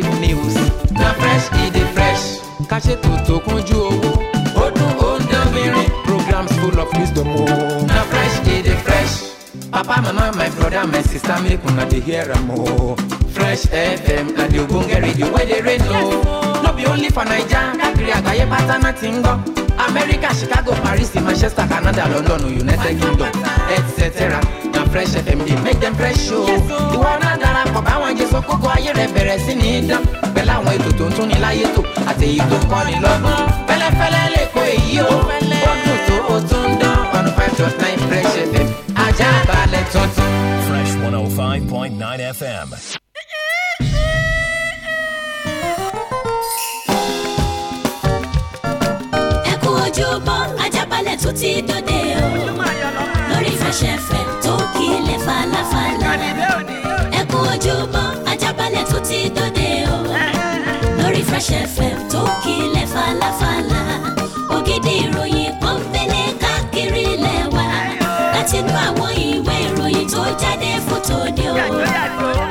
gossip news. na fresh e dey fresh. ká ṣètò tó kúnjú owó. ó dún ó ń dán mìíràn. programs full of wisdom o. na fresh e dey fresh. papa mama my brother my sister make una dey hear am o. fresh fm na the ogbonge radio wey dey rain o. no be only for naija káàkiri àgbáyé pátá náà ti America, Chicago, Paris, Manchester, Canada, London, United Kingdom, etc fresh fm dey make dem fresh o. ìwọ náà darapọ̀ báwọn jẹ sọ kókó ayé rẹ bẹ̀rẹ̀ sí ní dán pẹ̀lú àwọn ètò tó ń tún ni láyé tò àti èyí tó kọ́ ni lọ́gbọ́n fẹ́lẹ́fẹ́lẹ́ lè kó èyí o bọ́dún tó o tún dán one oh five dot nine fresh fm ajá balẹ̀ tuntun. fresh one oh five point nine fm. ẹ kú ojúbọ Ajaabale tún ti dòde o. Fresh FM tó kílẹ̀ falafala. ẹ kú ojúmọ́ ajábalẹ̀ tó ti dòde o. lórí Fresh FM tó kílẹ̀ falafala. ògidì ìròyìn kan fẹ́lẹ̀ káàkiri lẹ́wà. látinú àwọn ìwé ìròyìn tó jáde fótó de o.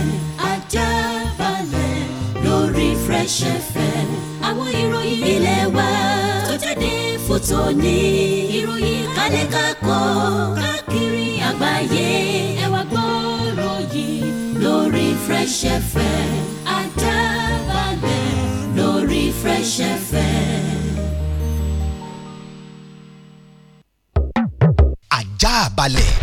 Fresh FM àwọn ìròyìn ilé wa tó jáde fún tòní ìròyìn kálẹ̀ kakọ́ káàkiri àgbáyé ẹ wá gbọ́rọ̀ yìí lórí Fresh FM àdábàgbẹ̀ lórí Fresh FM. balẹ̀.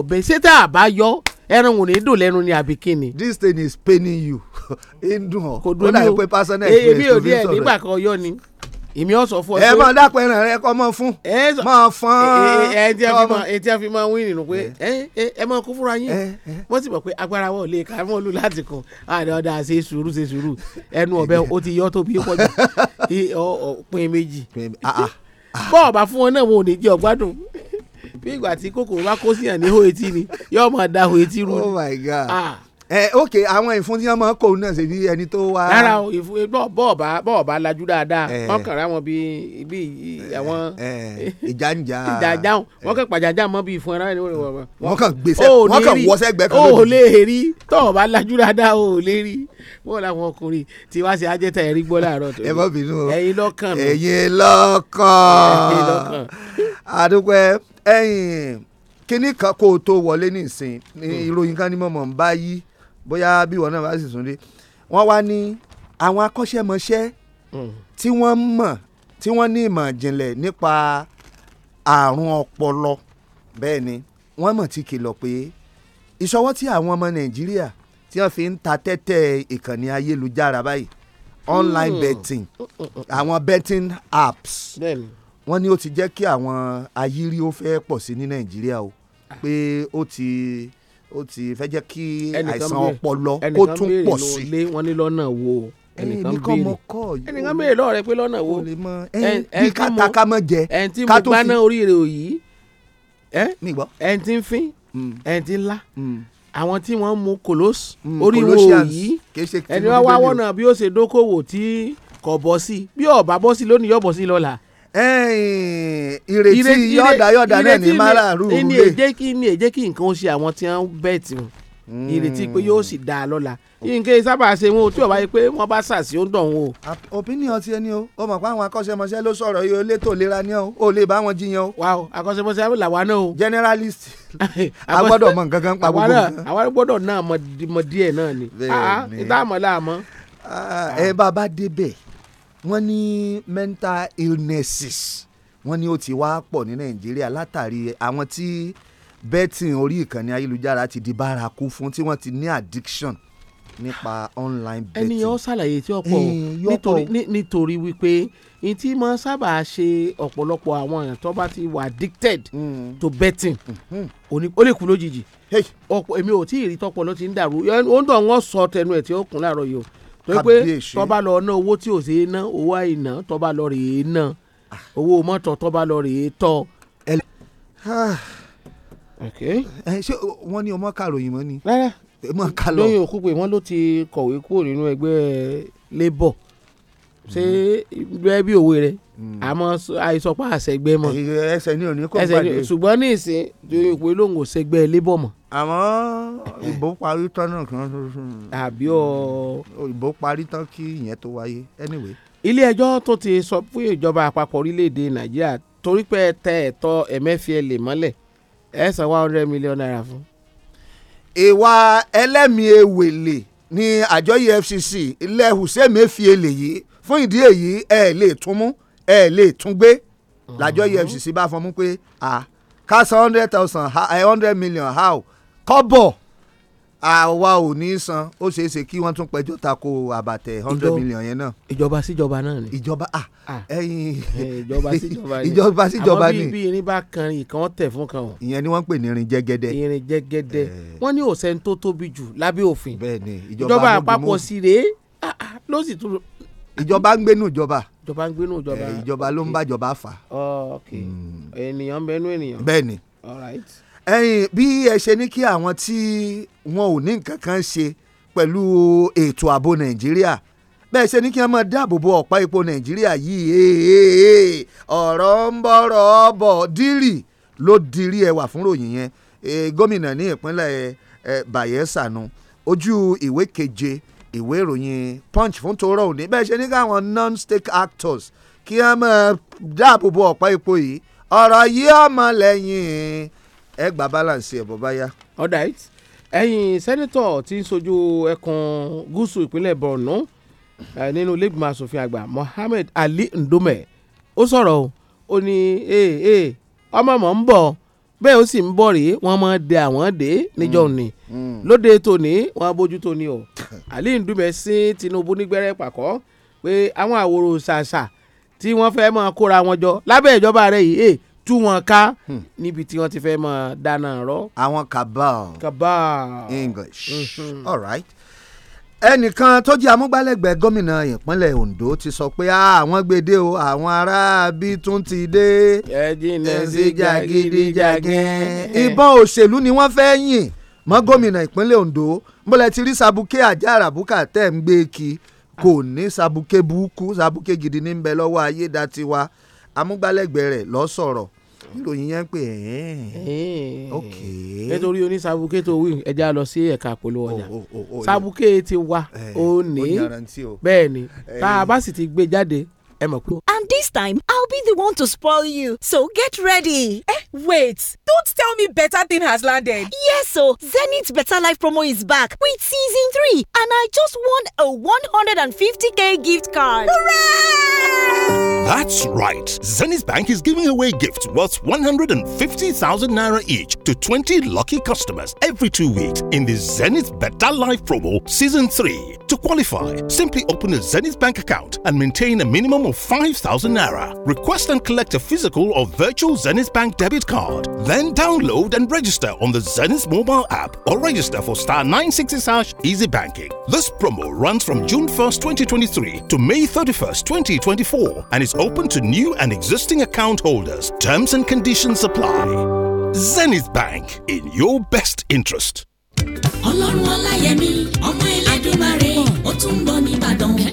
ọ̀bẹ ṣé tá a bá wò ní dùn lẹ́nu ni àbí kí this thing is paining you ń dùn ọ kò dùn mí o èmi ò ní ẹ nígbà kan yọ ni èmi ò sọ fún ọ. ẹ máa dápẹ́ ẹran rẹ kọ́ máa fún máa fọ́n. ẹ ẹ tí a fi máa wí nínú pé ẹ máa kó fúnra yín wọ́n sì mọ̀ pé agbára wọn ò lè ka mọ́ olú láti kàn àdá ọ̀dà ṣe sùúrù ṣe sùúrù ẹnu ọ̀bẹ ó ti yọ tóbi pọ̀ jù méjì. Ah, ah, ah. bọ́ọ̀ bá fún wọn náà wọn ò ní jẹ́ ọ̀gbádùn bí ìgbà tí kòkòrò bá kó síyàn ní hó etí ni yóò máa da hó etí rú. oh my god ah. ẹ ok àwọn ìfun tí wọn máa ń kó náà ṣe bí ẹni tó wá. rárá o ìfun náà bọ́ọ̀bá bọ́ọ̀bá lajú dáadáa eh. wọn kàn rá wọn bíi bíi eh, àwọn. Eh, ìjànjà ìjànjà wọn kàn pàjájà mọ bíi ìfun ẹran ìwé wọn. wọn kàn gbèsè wọn kàn wọṣẹ gbẹ kan lójú. o ò lè rí tọ́ọ̀bá lajú dáadáa o ò lè rí wọn làwọn ọkùnrin tí wá ṣe ajẹta ẹ̀rí gbọ́ láàárọ̀ tó. ẹ má bínú o ẹ̀yin lọ́kàn mi. ẹ̀yin lọ́kàn adúpẹ́ kínní kan kó o tó wọlé nísìn hmm. ìròyìn kan ni mo mọ̀ ń bá yí bóyá bí wọn náà bá sì tún dé wọ́n wá ní àwọn akọ́ṣẹ́mọṣẹ́ hmm. tí wọ́n mọ̀ tí wọ́n ní ìmọ̀ ìjìnlẹ̀ nípa àrùn ọpọlọ bẹ́ẹ̀ ni wọ́n mọ̀ ti kìlọ̀ pé ìṣọwọ́ tí àwọn ọmọ nàìjíríà tí wọ́n fi ń ta tẹ́tẹ́ ìkànnì ayélujára báyìí online hmm. betting àwọn betting apps wọ́n ní ó ti jẹ́ kí àwọn ayírí ó fẹ́ pọ̀ sí ní nàìjíríà o pé ó ti ó ti fẹ́ jẹ́ kí àìsàn ọpọlọ kó tún pọ̀ sí. ẹnìkan béèrè ló lé wọn ní lọ́nà wo ẹnìkan béèrè ẹnìkan béèrè lọ́ọ̀ rẹ pé lọ́nà wo bí kàtà ká mọ̀ jẹ ká tó fi ẹn tí mo gbaná orí rẹ ò yí tí ń fín mm. ẹn tí ń lá mm. àwọn tí wọ́n mu kolos mm, orí wo yí ẹni wá wọ́nà bí ó ṣe dókòwò tí kò bọ́ sí bí ó bọ́ sí lónìí yóò bọ́ sí lọ́la ìrètí yọ̀dà yọ̀dà náà ní márààrú rúlé. ní èjé kí ní èjé kí nǹkan ó ṣe àwọn tí wọ́n bẹ̀ẹ̀tì wọn hmm. ìrètí pé yóò sì dáa lọ́la nǹkan sábà ṣe wọn ò tí ò bá yẹ pé wọ́n bá ṣàṣì ó ń dàn wọn o. opinion ti ẹni o ó mọ̀ pé àwọn akọ́ṣẹ́mọṣẹ́ ló sọ̀rọ̀ yìí ó létò ìlera ni ó ò lè bá wọn jiyàn o. wa o akọ́ṣẹ́mọṣẹ́ làwa náà o. generalist a gbọ́dọ̀ mọ nǹkan kan pa gbogbo nǹkan. àwa gbọ́dọ̀ náà mọ díẹ̀ náà ni. bẹ́ẹ̀ ni ah, ìta àmọ́ láàmọ́. Ah, ẹ bá a bá débẹ̀ wọ́n ní mental illnesses wọ́n ní ó ti wá pọ̀ ní nàìjíríà látàrí àwọn tí betting orí ìkànnì ayélujára ti di bárakú fún tí wọ́n ti ní addiction nípa online betting. ẹni yóò ṣàlàyé tí ọ̀pọ̀ nítorí nítorí wípé n tí mo sábà ṣe ọ̀pọ̀lọpọ̀ àwọn èèyàn tó bá ti wà addicted mm. to betting hmm. ó lè kú lójijì ọ̀pọ̀ èmi ò tí ì rí tọ́pọ̀ ló ti ń dàrú ó ń dọ̀ wọ́n sọ tẹnu ẹ̀ tí ó kún láàárọ̀ yìí o tó pé tọ́ba lọ ná owó tí ò ṣe ná owó àìná tọ́ba lọ rèé ná owó mọ́tò tọ́ba lọ rèé tọ́. Ah. ṣé wọ́n ní ọmọ kàròyìn mọ́ ni. rárá lóyún òkú pé wọ́n ló ti kọ̀wé kúrò nínú ẹgbẹ́ labour ṣé hmm. bẹ́ẹ̀ bí òwe rẹ̀ àmọ́ hmm. àìsọpá àṣẹgbẹ́ mọ́ ẹsẹ̀ ní òní kò gbàdé ṣùgbọ́n ní ìsìn lóyún òkú lóhùn ò ṣẹgbẹ́ labour mọ́ àmọ́ ìbò parí tán náà kan àbí ọ. ìbò parí tán kí ìyẹn tó wáyé anyway. ilé ẹjọ́ tó ti sọ fún ìjọba àpapọ̀ orílẹ̀‐èdè nàìjíríà torí pé tẹ ẹ̀tọ́ Emefiele mọ́lẹ̀ ẹ san one hundred million naira fún. ìwà ẹlẹ́mìí ewèlè ni àjọ EFCC ilẹ̀ Hussein Emefiele yìí fún ìdí èyí ẹ lè tún mú ẹ lè tún gbé làjọ mm-hmm. EFCC bá fọmú pé a ká san hundred thousand hundred million how kọ́bọ̀ àwa ò ní san ó ṣeé ṣe kí wọ́n tún pẹjọ́ tako àbàtẹ̀ hundred million yẹn náà. ìjọba síjọba náà ni. ìjọba ah ẹyin ìjọba síjọba ni. ìjọba síjọba ni. àmọ́ bí irin bá kan ìkan tẹ̀ fún kan o. ìyẹn ni wọ́n ń pè ní irin jẹ́gẹ́dẹ́. irin jẹ́gẹ́dẹ́ wọ́n ní òsẹ́ni tó tóbi jù lábẹ́ òfin. bẹ́ẹ̀ni ìjọba àpapọ̀ sí rèé ló sì tún ìjọba ń gbénu ìjọba ìjọba ń gbénu ìjọba ìjọba ló ń bá ìjọba fà. Hmm. ènìyàn all right ẹ̀yin bí ẹ ṣe ní kí àwọn tí wọn ò ní nǹkan kan ṣe pẹ̀lú ètò ààbò nàìjíríà bẹ́ẹ̀ ṣe ní kí wọ́n máa dáàbò bo ọ̀pá epo nàìjíríà yìí ọ̀rọ̀ ń bọ̀rọ̀ bọ̀ dírì ló dirí ẹwà fún ròyìn yẹn e, gómìnà ní ìpínlẹ̀ e, Bayelsa nu ojú ìwé keje ìwé ìròyìn punch fún tòórọ́ òní bẹ́ẹ̀ ṣe ní káwọn non-stake actors kí wọ́n máa dáàbò bo ọ̀pá epo yìí ọ̀rọ̀ yìí ọmọ lẹ́yìn ẹ gba balance ẹ̀ bọ́ bá yá. all right ẹ̀yin sẹ́nitọ̀ tí ń sojú ẹkùn gúúsù ìpínlẹ̀ borno nínú lẹ́gbìmọ̀ asòfin àgbà mohammed ali ndome ó sọ̀rọ̀ o ó ní ọmọ mọ̀ ń bọ̀ bẹ́ẹ̀ ó sì ń bọ̀ rèé wọ́n mọ̀ de àwọn dé níjọ́ ni mm, mm. lóde tòní wọ́n bójú tóní o ali ndome sí tinubu nígbẹ́rẹ́ pàkọ́ pé àwọn àwòrò ṣàṣà tí wọ́n fẹ́ mọ̀ kóra wọn jọ lábẹ́ ìjọba rẹ̀ yìí tú wọn ká hmm. níbi tí wọ́n ti fẹ́ máa dáná rọ. àwọn cabal english mm-hmm. all right ẹnìkan tó jẹ́ amúgbálẹ́gbẹ̀ẹ́ gómìnà ìpínlẹ̀ Ondo ti sọ pé àwọn gbèdé o àwọn aráabí tún ti dé. ẹ jìnnà sí jàgídíjàgẹ́. ìbọn òṣèlú ni wọ́n fẹ́ yìn mọ́ hmm. gómìnà ìpínlẹ̀ Ondo mbọ́lẹ̀ ti rí sabuke ajá arabuka tẹ̀ ń gbé kí kò ní sabuke burúkú sabuke gidi ní bẹ lọ́wọ́ ayédatiwa amúgbálẹ́gbẹ̀ẹ́ rẹ̀ ló sọ̀rọ̀ ìròyìn yẹn ń pè ẹ́ ok. nítorí oníṣàbùkè tó wí ẹja lọ sí ẹ̀ka polówó ọjà oh, oh, oh, ṣàbùkè ti wa eh, ó ní bẹ́ẹ̀ ni tá a eh. bá sì ti gbé jáde ẹ mọ̀ pé. and this time i'll be the one to spoil you so get ready. Eh? Wait, don't tell me better thing has landed. Yes, so Zenith Better Life promo is back with season three, and I just won a 150k gift card. Hooray! That's right. Zenith Bank is giving away gifts worth 150,000 naira each to 20 lucky customers every two weeks in the Zenith Better Life promo season 3. To qualify, simply open a Zenith Bank account and maintain a minimum of 5,000 naira. Request and collect a physical or virtual Zenith Bank debit card. Then download and register on the Zenith mobile app or register for star 960 easy banking. This promo runs from June 1st, 2023 to May 31st, 2024 and is open to new and existing account holders. Terms and conditions apply. Zenith Bank, in your best interest. ọlọ́run ọláyẹmí ọmọ ẹlẹ́dùnmarè ó tún ń bọ̀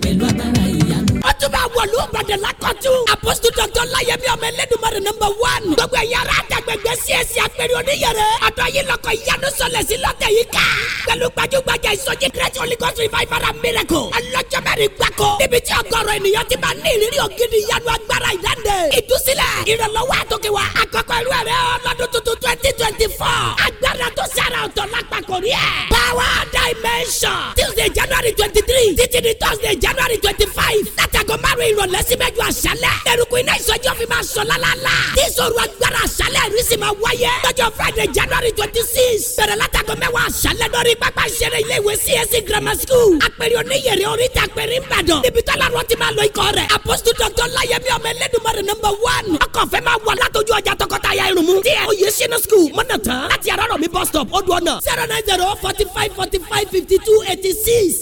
pẹ̀lú agbára ìyanu. ó wọ̀lú ìbàdàn lákọ̀tù. apọ́sítù dọ́kítọ̀ láyẹ̀mí ọmọ ẹlẹ́dùnmọ́rẹ̀ nọmba wán. gbogbo ẹ̀yà ara àtàgbẹ̀gbẹ̀ csc apẹ̀rẹ̀ oníyẹrẹ. ọ̀dọ̀ yìí lọkọ̀ ìyanu sọlẹ̀ sí lọ́tẹ̀ yìí ká. pẹ̀lú gbajúgbajà ìsọjí kírẹ́tì Holy Ghost revival and miracle. ọlọ́jọ́ mẹ́rin gbáko. níbi tí ọ̀gọ̀rọ̀ ènìyàn ti máa ní ìrírí ògidì ìyanu agbára ìdáǹdè. ìdúsílẹ̀ ìrànlọ́wọ́ àtòkèwà. àkọ́kọ́ irú ẹ̀rẹ́ ọlọ́dún tuntun twenty twenty four. agbára tó sára ọ̀tọ̀ lápapọ̀ rí ẹ̀. power dimension. Tuesday January twenty three títí di Thursday January twenty five. látàgọ́ márùn márùn ìrọ̀lẹ́ sí mẹ́jọ àṣálẹ̀. lẹ́rùkù iná ìsọjí òfin máa sọ lálálá. tí ìṣòro agbára àṣálẹ̀ rí sì máa wáyé. lọ́jọ́ friday january twenty six. bẹ̀rẹ̀ látàgọ́ mẹ́wàá àṣálẹ̀ lórí pápá ìṣeré ilé ìwé csc grammar school. àpèrè oníyèrè oríta àpèrè ìbàdàn. níbi tó lárọ ti máa lọ ikọ̀ rẹ̀. apostle doctor láyẹmí ọmọ ẹlẹ́dùnmọ́rẹ̀ number one. ọkọ̀ fẹ́ máa wà látọjú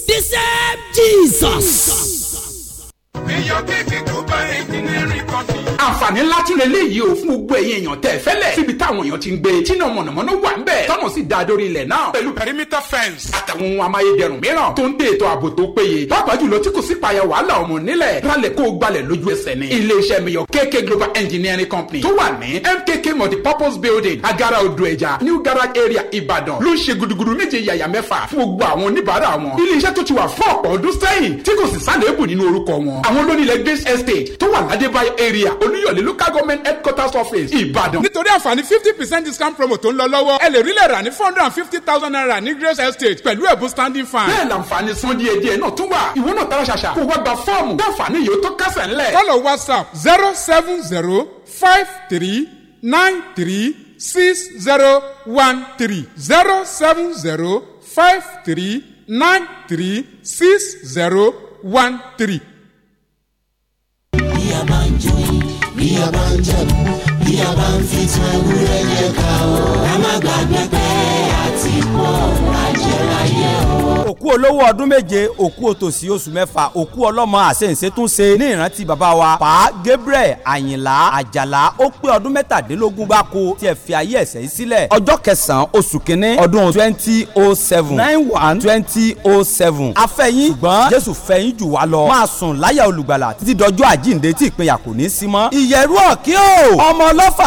the same Jesus. You're kicking global engineering company. àǹfààní ńlá tí lè léyìí o fún gbogbo ẹ̀yin èèyàn tẹ̀ fẹ́lẹ̀ síbi táwọn èèyàn ti ń gbé tíná mọ̀nàmọ́ná wà ń bẹ̀ tọ́nà sì da dórí ilẹ̀ náà pẹ̀lú perimeter fence àtàwọn ohun amáyédẹrùn mìíràn tó ń dé ètò ààbò tó péye pàápàá jùlọ tí kò sí payà wàhálà ọmọ nílẹ̀ rálẹ̀ kó o gbalẹ̀ lójú ẹsẹ̀ ni iléeṣẹ́ miyàn KK global engineering company tó wà ní MKK multipurpose building agara odò ẹja new garage area Ibadan. ló ń ṣe gudugudu méje yàyà mẹ́fà fún gbogbo àwọn oníbàárà wọn iléeṣẹ́ tó ti wà fún ọ̀pọ̀ ọdún sẹ́yìn tí kò sì sálẹ̀ estate eight tó wà ládébáyé area olúyọ̀lé local government headquarters office ìbàdàn. nítorí àǹfààní fifty percent discount promo tó ń lọ lọ́wọ́ ẹ lè rí lẹ̀ rà ní four hundred and fifty thousand naira ní grace estate pẹ̀lú ẹ̀bùn standing fan. bẹ́ẹ̀ làǹfààní san díẹ̀ díẹ̀ náà tún wà ìwọ náà tara ṣàṣà kó wá gba fọ́ọ̀mù láǹfààní yìí ó tó kásẹ̀ ńlẹ̀. kọ́lọ̀ whatsapp zero seven zero five three nine three six zero one three zero seven zero five three nine three six zero one three bí a bá ń joyin bí a bá ń jẹ̀bú bí a bá ń fi tún ewúrẹ́ yẹ ká o. ká má gbàgbé pé a òkú olówó ọdún méje òkú òtòṣì oṣù mẹ́fà òkú ọlọ́mọ àṣẹǹṣe tún ṣe ní ìrántí bàbá wa pa Gabriel Àyìnlá Àjàlá ó pé ọdún mẹ́tàdínlógún bá kó tiẹ̀ fi ayé ẹ̀sẹ̀ yìí sílẹ̀ ọjọ́ kẹsàn-án oṣù kínní ọdún twenty oh seven nine one twenty oh seven afẹ́yìn ṣùgbọ́n Jésù fẹ́yìn jù wá lọ máa sùn láyà olùgbàlà títí dọjọ́ àjíǹde tí ìpínyà kò ní í sí mọ́ ìyẹ̀rú ọ̀kí o ọmọ ọlọ́fà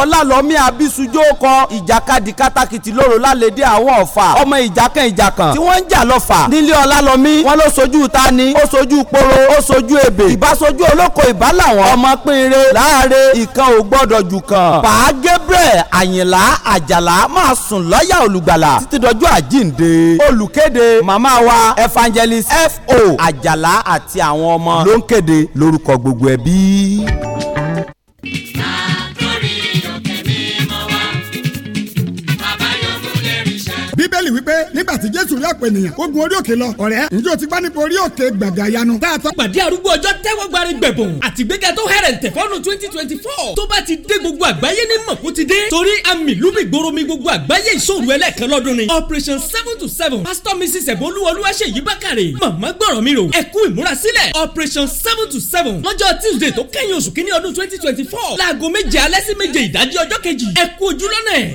ọlálọ́mí abisujú kọ ìjàkadì kátàkìtì lóru lálẹ́ dé àwọn ọ̀fà ọmọ ìjàkan ìjàkan tí wọ́n ń jà lọ́fà nílé ọlá lọmí wọn ló sojú ta ni ó sojú poro ó sojú ebè ìbásojú olóko ìbá ọmọ pínre láàre ìkan ò gbọ́dọ̀ jù kan. pa Gabriel Àyìnlá Àjàlá máa sùn lọ́yà olùgbàlà títí dọjọ́ àjíǹde olùkéde màmá wa evangelist F.O. Àjàlá àti àwọn ọmọ ló ń kéde lórúkọ gbogbo ẹbí. nígbà tí jésù rí ọ̀pọ̀ ènìyàn ó gun orí òkè lọ ọ̀rẹ́ ǹjẹ́ o ti gbá nípa orí òkè gbàgà yanu. dáàtọ́. pàdé arúgbó ọjọ́ tẹ́wọ́ gbari gbẹ̀bùn àtìgbéga tó hẹ̀rẹ̀ ǹtẹ̀ twenty twenty four tó bá ti dé gbogbo àgbáyé ní mọ̀kú ti dé torí àmì lùmí gbòòrò mi gbogbo àgbáyé ìṣòro ẹlẹ́ẹ̀kan lọ́dún ni operation seven to seven pastor mrs ẹ̀bọ́lúwọlúwà ṣèyí bákàrẹ̀ màmá gbọ́rọ̀ mi rò ẹ̀kú ìmúrasílẹ̀ operation seven to seven lọ́jọ́ tuesday tó kẹ́yìn oṣù kínní ọdún twenty twenty four láago méje alẹ́ sí méje ìdájí ọjọ́ kejì ẹ̀kú ojúlọ́nà ẹ̀.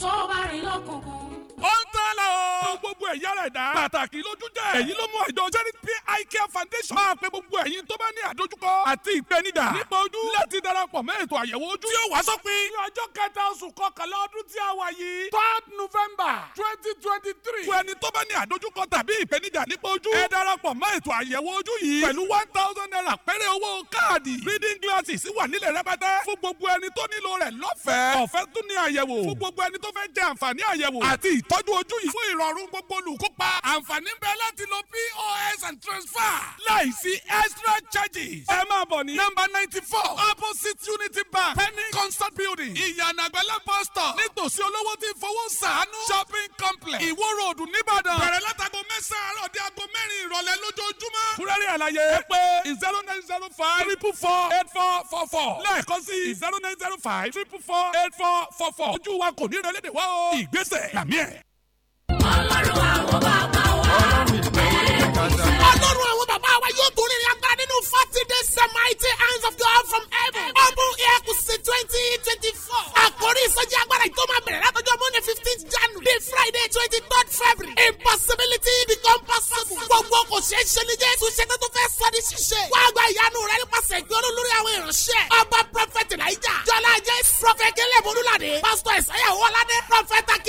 tó bá rìn lọ́kùnkùn. ó ń lọ́la o. fún gbogbo ẹ̀yà rẹ̀ dá. pàtàkì lójú jẹ́. èyí ló mú àjọ charity pay eye care foundation. máa pe gbogbo ẹ̀yin tó bá ní àdójúkọ. àti ìpènijà. nípa ojú. láti darapọ̀ mẹ́ ètò àyẹ̀wò ojú. tí ó wá sópin. ní ọjọ́ kẹta oṣù kọkànlá ọdún tí a wà yìí. third november twenty twenty three. fún ẹni tó bá ní àdójúkọ tàbí ìpènijà nípa ojú. ẹ darapọ̀ mẹ́ ètò àyẹ̀wò ojú yìí. pẹ̀lú one thousand naira péré owó káàdì. reading glasses wà nílẹ̀ rẹpẹtẹ. fún gbogbo ẹni tó nílò rẹ̀ lọ́fẹ̀ẹ́. ọ̀fẹ́ tún ní àyẹ̀wò. fún gbogbo ẹni tó fẹ́ jẹ àǹfààní àyẹ̀wò. àti yìí fún ìrọ̀rùn gbogbo olùkópa àǹfààní ń láti lo pos and transfer láìsí extra charges. ẹ máa bọ̀ ní. nọ́mbà ninety four opposite unity bank penny concert building ìyànà àgbẹ̀lẹ̀ bus stop nítòsí olówó tí fowó ṣàánú shopping complex ìwó ròdù nìbàdàn. bẹ̀rẹ̀ látago mẹ́sàn-án àárọ̀ di aago mẹ́rin ìrọ̀lẹ́ lójoojúmọ́. kúrẹ́rì àlàyé ẹ pé zero nine zero five triple four eight four four four lẹ́ẹ̀kan sí zero nine zero five triple four eight four four four ojú wa kò ní ìrẹ́lẹ́dẹ̀ wá o ìgbésẹ̀ làmí ẹ̀ ọlọ́run àwọn bàbá wa. ọlọ́run àwọn bàbá wa yóò tún rìnrìn agbára nínú forty days mighty hands of God from heaven. open air kù sí twenty twenty four. àkórí ìsọjí agbára yìí tó máa bẹ̀rẹ̀ látọjọ́ monday fifteenth january day friday twenty third february. impossibility become possible. gbogbo kò ṣeé ṣe ní jésù ṣe tó tó fẹ́ sọ ní ṣíṣe. wá gba ìyanu rẹ nípasẹ̀ ìgbéró lórí àwọn ìránṣẹ́. ọba prọfẹ̀tì náíjà. jọlá jẹ́ prọfẹ̀tì kẹlẹ́ bolúlàdé. pásítọ̀ ìsáyà wọládé. prọfẹ̀tà k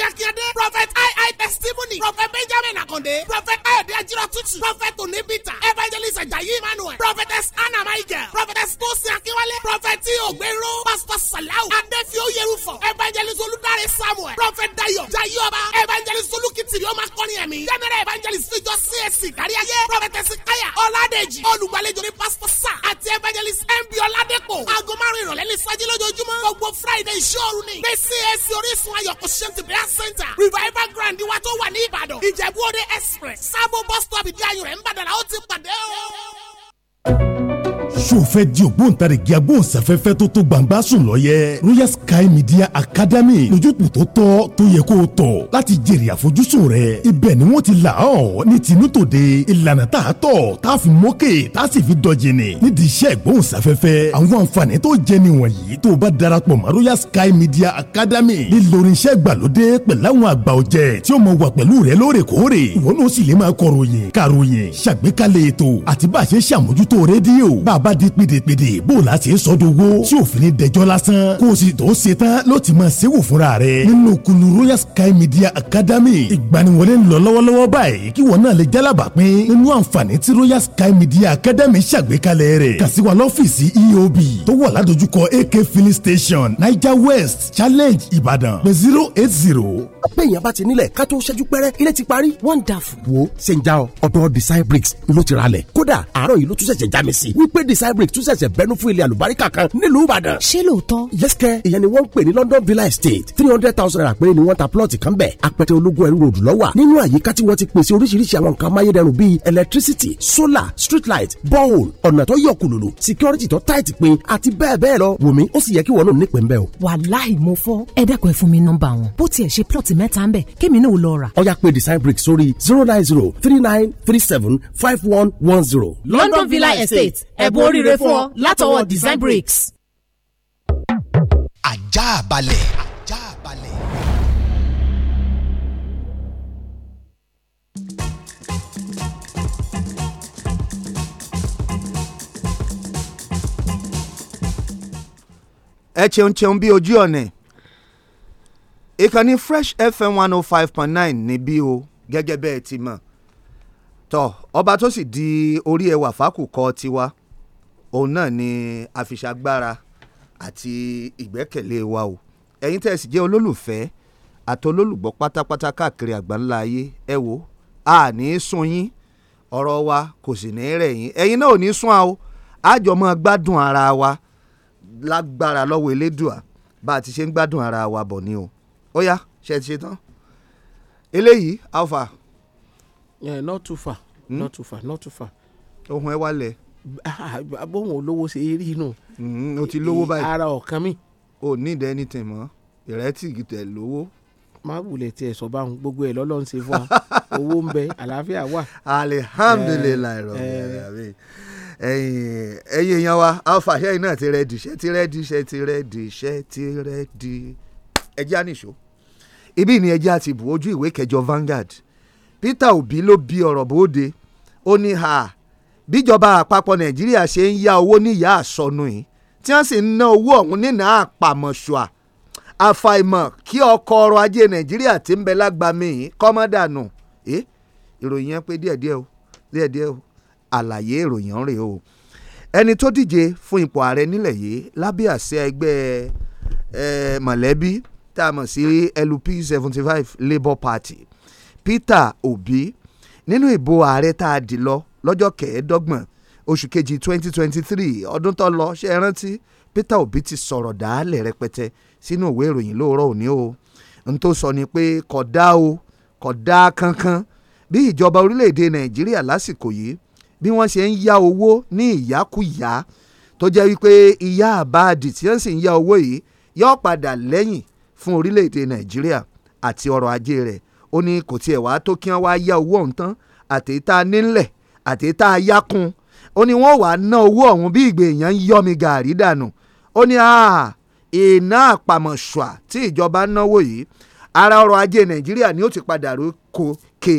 ni. prophet ayọ̀dé ajírọ̀ tútù. prophet oníbìtà. evangelist ajayi emmanuel. prophetess anna michael. prophetess tosin akínwálé. prophet ògbéró. pastor salau. adéfíò yerufọ. evangelist olùdarí samuel. prophet dayo jayoba. evangelist olú tìrì ó máa kọ́ni ẹ̀mí. general evangelist ìjọ csc káríayé prophetess kaya ọ̀làdẹ̀jì olùgbàlejò ní pastor sa àti evangelist mb ọ̀làdẹ̀kọ̀ aago márùn-ún ìrọ̀lẹ́ ní sájí lójoojúmọ́ gbogbo friday ìṣòro ni pé csc orísun ayọ̀kọ̀ sẹ́ńtì prayer center revival grand wa tó wà ní ìbàdàn ìjẹ̀bú òde express sábò bus stop ìdí ayò rẹ̀ ń bàdàn ṣó di ògbóǹtarìgì agbóhùnsáfẹ́fẹ́ tó tó gbangba sùn lọ́yẹ Royal Sky Media Academy lójútùú tó tọ́ tó yẹ kó o tọ̀ láti jèrè àfojúsùn rẹ ibẹ̀ ni wọ́n ti là ọ́ ní tinútòde ìlànà tá a tọ̀ tá a fi mókè tá a sì fi dọ̀jìnì nídìí iṣẹ́ ìgbóhùnsáfẹ́fẹ́ àwọn àǹfààní tó jẹ nìwọ̀nyí tó o bá darapọ̀ mọ́ Royal Sky Media Academy nílòrin iṣẹ́ ìgbàlódé pẹ̀lú àwọn àgbà bá di pèdèpèdè bó o la ṣe sọ dogo tí o dẹjọ́ lásán kó o sì tó ṣe tán ló ti máa ṣẹ́wò fúnra rẹ̀ nínú kunu royal sky media academy ìgbaniwọlé ń lọ lọ́wọ́lọ́wọ́ báyìí kí wọ́n náà lè jálábà pín nínú àǹfààní tí royal sky media academy ṣàgbékalẹ̀ rẹ̀ kàn lọ́fíìsì eob tó wà ládojúkọ ak filling station niger west challenge ìbàdàn pé zero eight zero. bẹ́ẹ̀yàn bá ti nílẹ̀ ká tó ṣẹ́jú pẹ́rẹ́ ilé ti parí. wonderful. wo ṣe ń já ọ ọ̀dọ̀ design bricks ló ti ra kódà àárọ̀ yìí ló tún ṣẹ̀ṣẹ̀ já mi sí wípé Paradise high break tún ṣẹ̀ṣẹ̀ bẹnu fún ilé àlùbáríkà kan nílùú Ìbàdàn. ṣé lóòótọ́. yẹ́sìkẹ́ ìyẹn ni wọ́n ń pè ní London Villa Estate three hundred thousand naira péré ni wọ́n ta plọ̀tì kan bẹ̀. apẹtẹ ológun ẹ̀rú ròdù lọ́wà nínú àyíká tí wọ́n ti pèsè oríṣiríṣi àwọn nǹkan amáyédẹrùn bíi electricity solar street light borehole ọ̀nà tó yọ kùlùlù security tó tight pin àti bẹ́ẹ̀ bẹ́ẹ̀ lọ wùmí ó sì yẹ kí wọ́n lòun nípìn bẹ́ẹ̀ o. wàláì mo fọ ẹ dẹ́kun ẹ fún mi nọ́mbà wọn design bricks sórí zero nine zero three nine three seven five one one zero. London Villa Estate ẹ̀bùn olóríire fún ọ látọwọ́ design breaks. ajá balẹ̀. ẹ ṣeun ṣeun bí ojú ọ̀nà ìkànnì fresh fm one oh five point nine ní bí o gẹ́gẹ́ bẹ́ẹ̀ ti mọ̀ tọ́ ọba tó sì di orí ẹwà fákù tiwa òun náà ni àfiṣàgbára àti ìgbẹ́kẹ̀lé wa o ẹ̀yin tẹ́ ẹ sì jẹ́ olólùfẹ́ àtolólùgbọ́ pátápátá káàkiri àgbáńlá ayé ẹ wo a ní í sun yín ọ̀rọ̀ wa kò sì ní í rẹ̀ ẹ̀yin náà ò ní í sun a àjọ máa gbádùn ara wa lágbára lọ́wọ́ elédùà bá a ti ṣe ń gbádùn ara wa bọ̀ ni o ó yá ṣe ti ṣe tán eléyìí alpha. Yeah, not too far hmm? not too far not too far. ohun ẹ wálẹ̀. Ah, bóun olówó ṣe é rí nù. Mm-hmm, o ti lówó báyìí ara ọ̀kan mi. o ní ìdẹ́ ní tìmọ̀ ìrẹ́tì tẹ̀ lówó. má wulẹ̀ tiẹ̀ sọ báwọn gbogbo ẹ̀ lọ́lọ́run ṣe fún wa owó ń bẹ àlàáfíà wà. alihamdulilayi eh, rọ eh. ẹyin èèyàn wa alfa ṣẹ́yìn náà ti rẹ́ẹ̀dì ṣẹ́ ti rẹ́ẹ̀dì ṣẹ́ ti rẹ́ẹ̀dì ṣẹ́ ti rẹ́ẹ̀dì ẹjẹ́ àníṣó ibi ni ẹjẹ́ àti ìbò ojú ìwé kẹjọ Vanguard Peter Obi ló bi ọ̀rọ̀ bóde ó ní ha bíjọba àpapọ̀ nàìjíríà ṣe ń yá owó níyà àsọnù yìí tí wọ́n sì ń ná owó ọ̀hún nínà àpàmọ̀ṣùà àfàìmọ̀ kí ọkọ̀ ọrọ̀ ajé nàìjíríà ti ń bẹ lágbàmì yìí kọ́mọ́dànù ìròyìn yẹn pé díẹ̀díẹ̀ o díẹ̀díẹ̀ o àlàyé ìròyìn ọ̀rẹ́ o ẹni tó díje fún ipò ààrẹ nílẹ̀ yìí lábẹ́ àṣẹ ẹgbẹ́ mọ̀lẹ́bí tá a mọ̀ sí LP seventy five Labour Party Peter Obi nínú ìbò ààrẹ tá a dì lọ lọ́jọ́ kẹẹ̀ẹ́dọ́gbọ̀n oṣù kejì 2023 ọdún tó lọ ṣe é rántí Peter Obi ti sọ̀rọ̀ dáálẹ̀ rẹpẹtẹ sínú ìwé ìròyìn lóòrọ̀ òní o n tó sọ ni pé kódà o kódà kankan bí ìjọba orílẹ̀-èdè Nàìjíríà lásìkò yìí bí wọ́n ṣe ń yá owó ní ìyákúyà tó jẹ́ wípé ìyá àbáàdì tí wọ́n sì ń yá owó yìí yóò padà lẹ́yìn fún orílẹ̀-èdè Nàìjíríà àti ọrọ̀ ajé rẹ̀ ó ní kò tiẹ̀ wá tó kí wọ́n wá yá owó ọ̀hún tán àtẹ̀yí nílẹ̀ àti tá a yá kún ó ní wọ́n wàá ná owó ọ̀hún bí ìgbè èèyàn ń yọ́ mi dànù ó ní iná àpamọ̀ṣùà tí ìjọba náwó yìí ara ọrọ̀ ajé nàìjíríà ni ó ti padà rú kòkè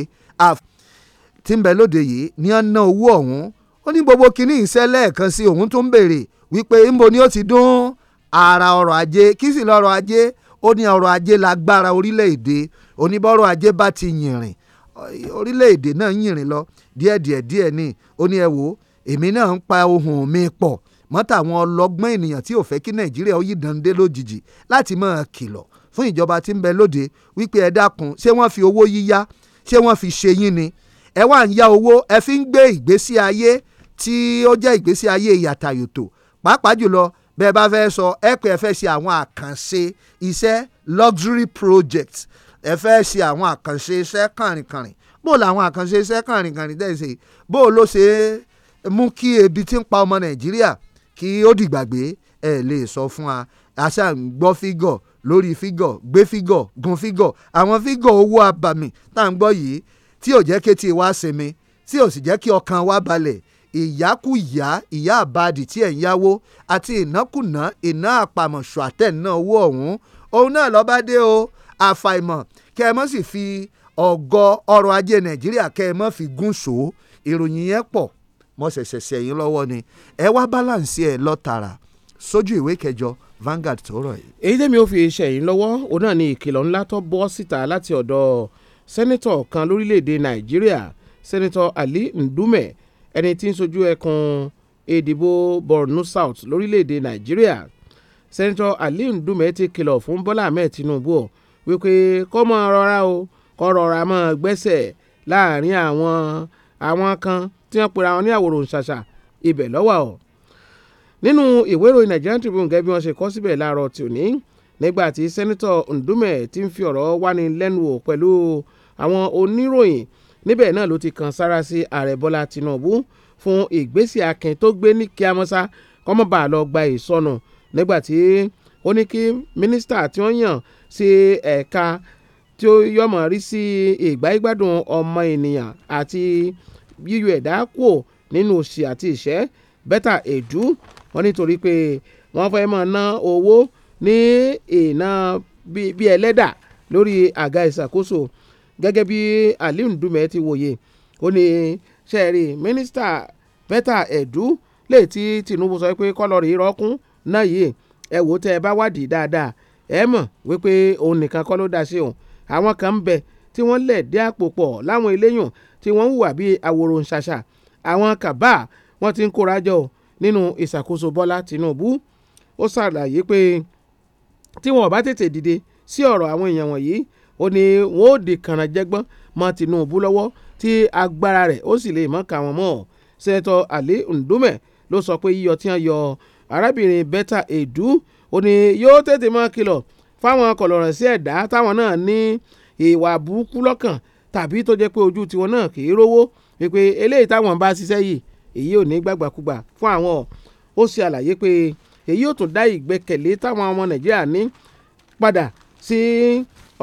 tí ń bẹ lóde yìí ní ọ́n ná owó ọ̀hún ó ní gbogbo kínní ìṣẹ́ lẹ́ẹ̀kan sí òun tó ń béèrè wípé ńbo ni ó ti dún ara ọrọ̀ ajé kí sì lọ́rọ̀ ajé ó ní ọrọ̀ ajé lágbára orílẹ̀-èdè oníbọ̀rọ̀ ajé bá ti yìnrìn orílẹ̀-èdè náà yìnrìn lọ díẹ̀díẹ̀ díẹ̀ ni ó ní ẹ wò ó èmi náà ń pa ohùn mi pọ̀ mọ́tà àwọn ọlọ́gbọ́n ènìyàn tí ò fẹ́ kí nàìjíríà ó yí dande lójijì láti máa kìlọ̀ fún ìjọba tí ń bẹ lóde wípé ẹ dákun ṣé wọ́n fi owó yíyá ṣé wọ́n fi ṣe yín ni ẹ wá ń yá owó ẹ fi ń gbé ìgbésí ayé tí ó jẹ́ ìgbésí ayé yàtàyòtò pàápàá jùlọ bẹ́ẹ̀ bá fẹ́ sọ ẹ pé ẹ fẹ́ ṣe àwọn àkànṣe iṣẹ́ luxury projects ẹ fẹ́ ṣe àwọn àkànṣe iṣẹ́ kànrìnkànrìn bó làwọn àkànṣe iṣẹ́ kànrìnkànrìn dẹ̀ ṣe bó ló ṣe mú kí ebi tí ń pa ọmọ nàìjíríà kí ó dìgbàgbé ẹ lè sọ fún wa àṣà ń gbọ́ fígọ̀ lórí fígọ̀ gbé fígọ̀ gun fígọ̀ àwọn fígọ̀ owó abàmì tá à ń gbọ́ yìí tí ò jẹ́ kí etí wa sinmi tí ò sì jẹ́ kí ọkàn wa balẹ̀ ìyákùyà ìyá àbàdì tí ẹ̀ ń yáwó àti ìnákùná ìná àpamọ̀ṣọ́ àtẹ̀ná owó ọ̀hún òun náà lọ́ba dé o àfàìmọ̀ kẹ́ ẹ mọ́ sì fi ọ̀gọ ọrọ̀ ajé nàìjíríà kẹ́ ẹ mọ́ fi gún so ìròyìn yẹn pọ̀ mọ́ ṣẹ̀ṣẹ̀ṣẹ̀ yín lọ́wọ́ ni ẹ wá báláǹsì ẹ lọ tààrà sójú ìwé kẹjọ Vanguard tó rọ̀ yìí. èyí tèmi ò fi ṣẹ̀yìn lọ́wọ́ òun náà ni ìkìlọ̀ ńlá tó bọ́ síta láti ọ̀dọ̀ sẹ́nẹ́tọ̀ kan lórílẹ̀‐èdè nàìjíríà sẹ́nẹ́tọ̀ Ali Ndume ẹni tí ń sojú ẹkùn ìdìbò Borno South lórílẹ̀‐èdè nàìjíríà sẹ́nẹ́tọ̀ Ali Ndume ti kìlọ̀ fún Bọ́lá Ahmed Tinubu ọ̀ wípé kó máa rọra o kó rọra máa gbẹ́sẹ̀ láàrin àwọn àwọn kan tí wọ́n pera wọn ní àwòrán ṣàṣà ibẹ̀ lọ́wọ́ o nínú ìwé ìròyìn Nigerian Tribune gẹ́gẹ́ bí wọ́n ṣe kọ síbẹ̀ láàárọ̀ tòní nígbà tí sẹ́nitọ̀ Ndume ti ń fi ọ̀rọ̀ wáni lẹ́nu wò pẹ̀lú àwọn oníròyìn níbẹ̀ náà ló ti kan sára sí ààrẹ Bọ́lá Tinubu fún ìgbésí akin tó gbé ní kíámọ́sá kọ́mọ́bà lọ gba ìsọnù nígbà tí ó ní kí mínísítà tí wọ́n yàn sí ẹ̀ka tí ó yọ̀mọ̀ rí sí ìgbáyégbádùn ọmọ ènìyàn àti yíyọ ẹ̀dá kù nínú òṣì àti ìṣẹ́ bẹ́tà èdú wọn nítorí pé wọ́n fẹ́ máa ná owó ní ìná bí ẹlẹ́dà lórí àga ìṣàkóso gẹ́gẹ́ bí Aliu Ndume ti wòye ó ní sẹ́ẹ̀rì mínísítà bẹ́tà èdú lè ti Tinubu sọ pé kọ́lọ́rì rọ́kún náà yìí ẹ wò tẹ́ ẹ bá wádìí dáadáa ẹ mọ̀ wípé òun nìkan kọ́ ló dá sí òun àwọn kan ń bẹ tí wọ́n lẹ̀ dé àpò pọ̀ láwọn eléyùn tí wọ́n ń hùwà bíi àwòrò ṣàṣà àwọn kàbá wọ́n ti ń kóra jọ nínú ìṣàkóso Bọ́lá Tinubu ó ṣàlàyé pé tí wọn ò bá tètè dìde sí ọ̀rọ̀ àwọn èèyàn wọ̀nyí ó ní wọn ò di kànájẹ́gbọ́n mọ́ Tinubu lọ́wọ́ tí agbára rẹ̀ ó sì lè mọ́ ka wọn mọ́ sẹ́tọ̀ Ali Ndume ló sọ pé yíyọ tí wọ́n yọ arábìnrin bẹ́tà èdú ó ní yóò tètè máa kìlọ̀ fáwọn kọ̀lọ̀rọ̀ sí ẹ̀dá táwọn náà ní ìwà burúkú lọ́kàn tàbí tó jẹ́ pé ojú tiwọn náà kì í rówó pé eléyìí táwọn bá ṣiṣẹ́ yìí èyí ò ní gbàgbàkúgbà fún àwọn ó ṣe àlàyé pé èyí ò tún dá ìgbẹ́kẹ̀lé táwọn ọmọ nàìjíríà ní padà sí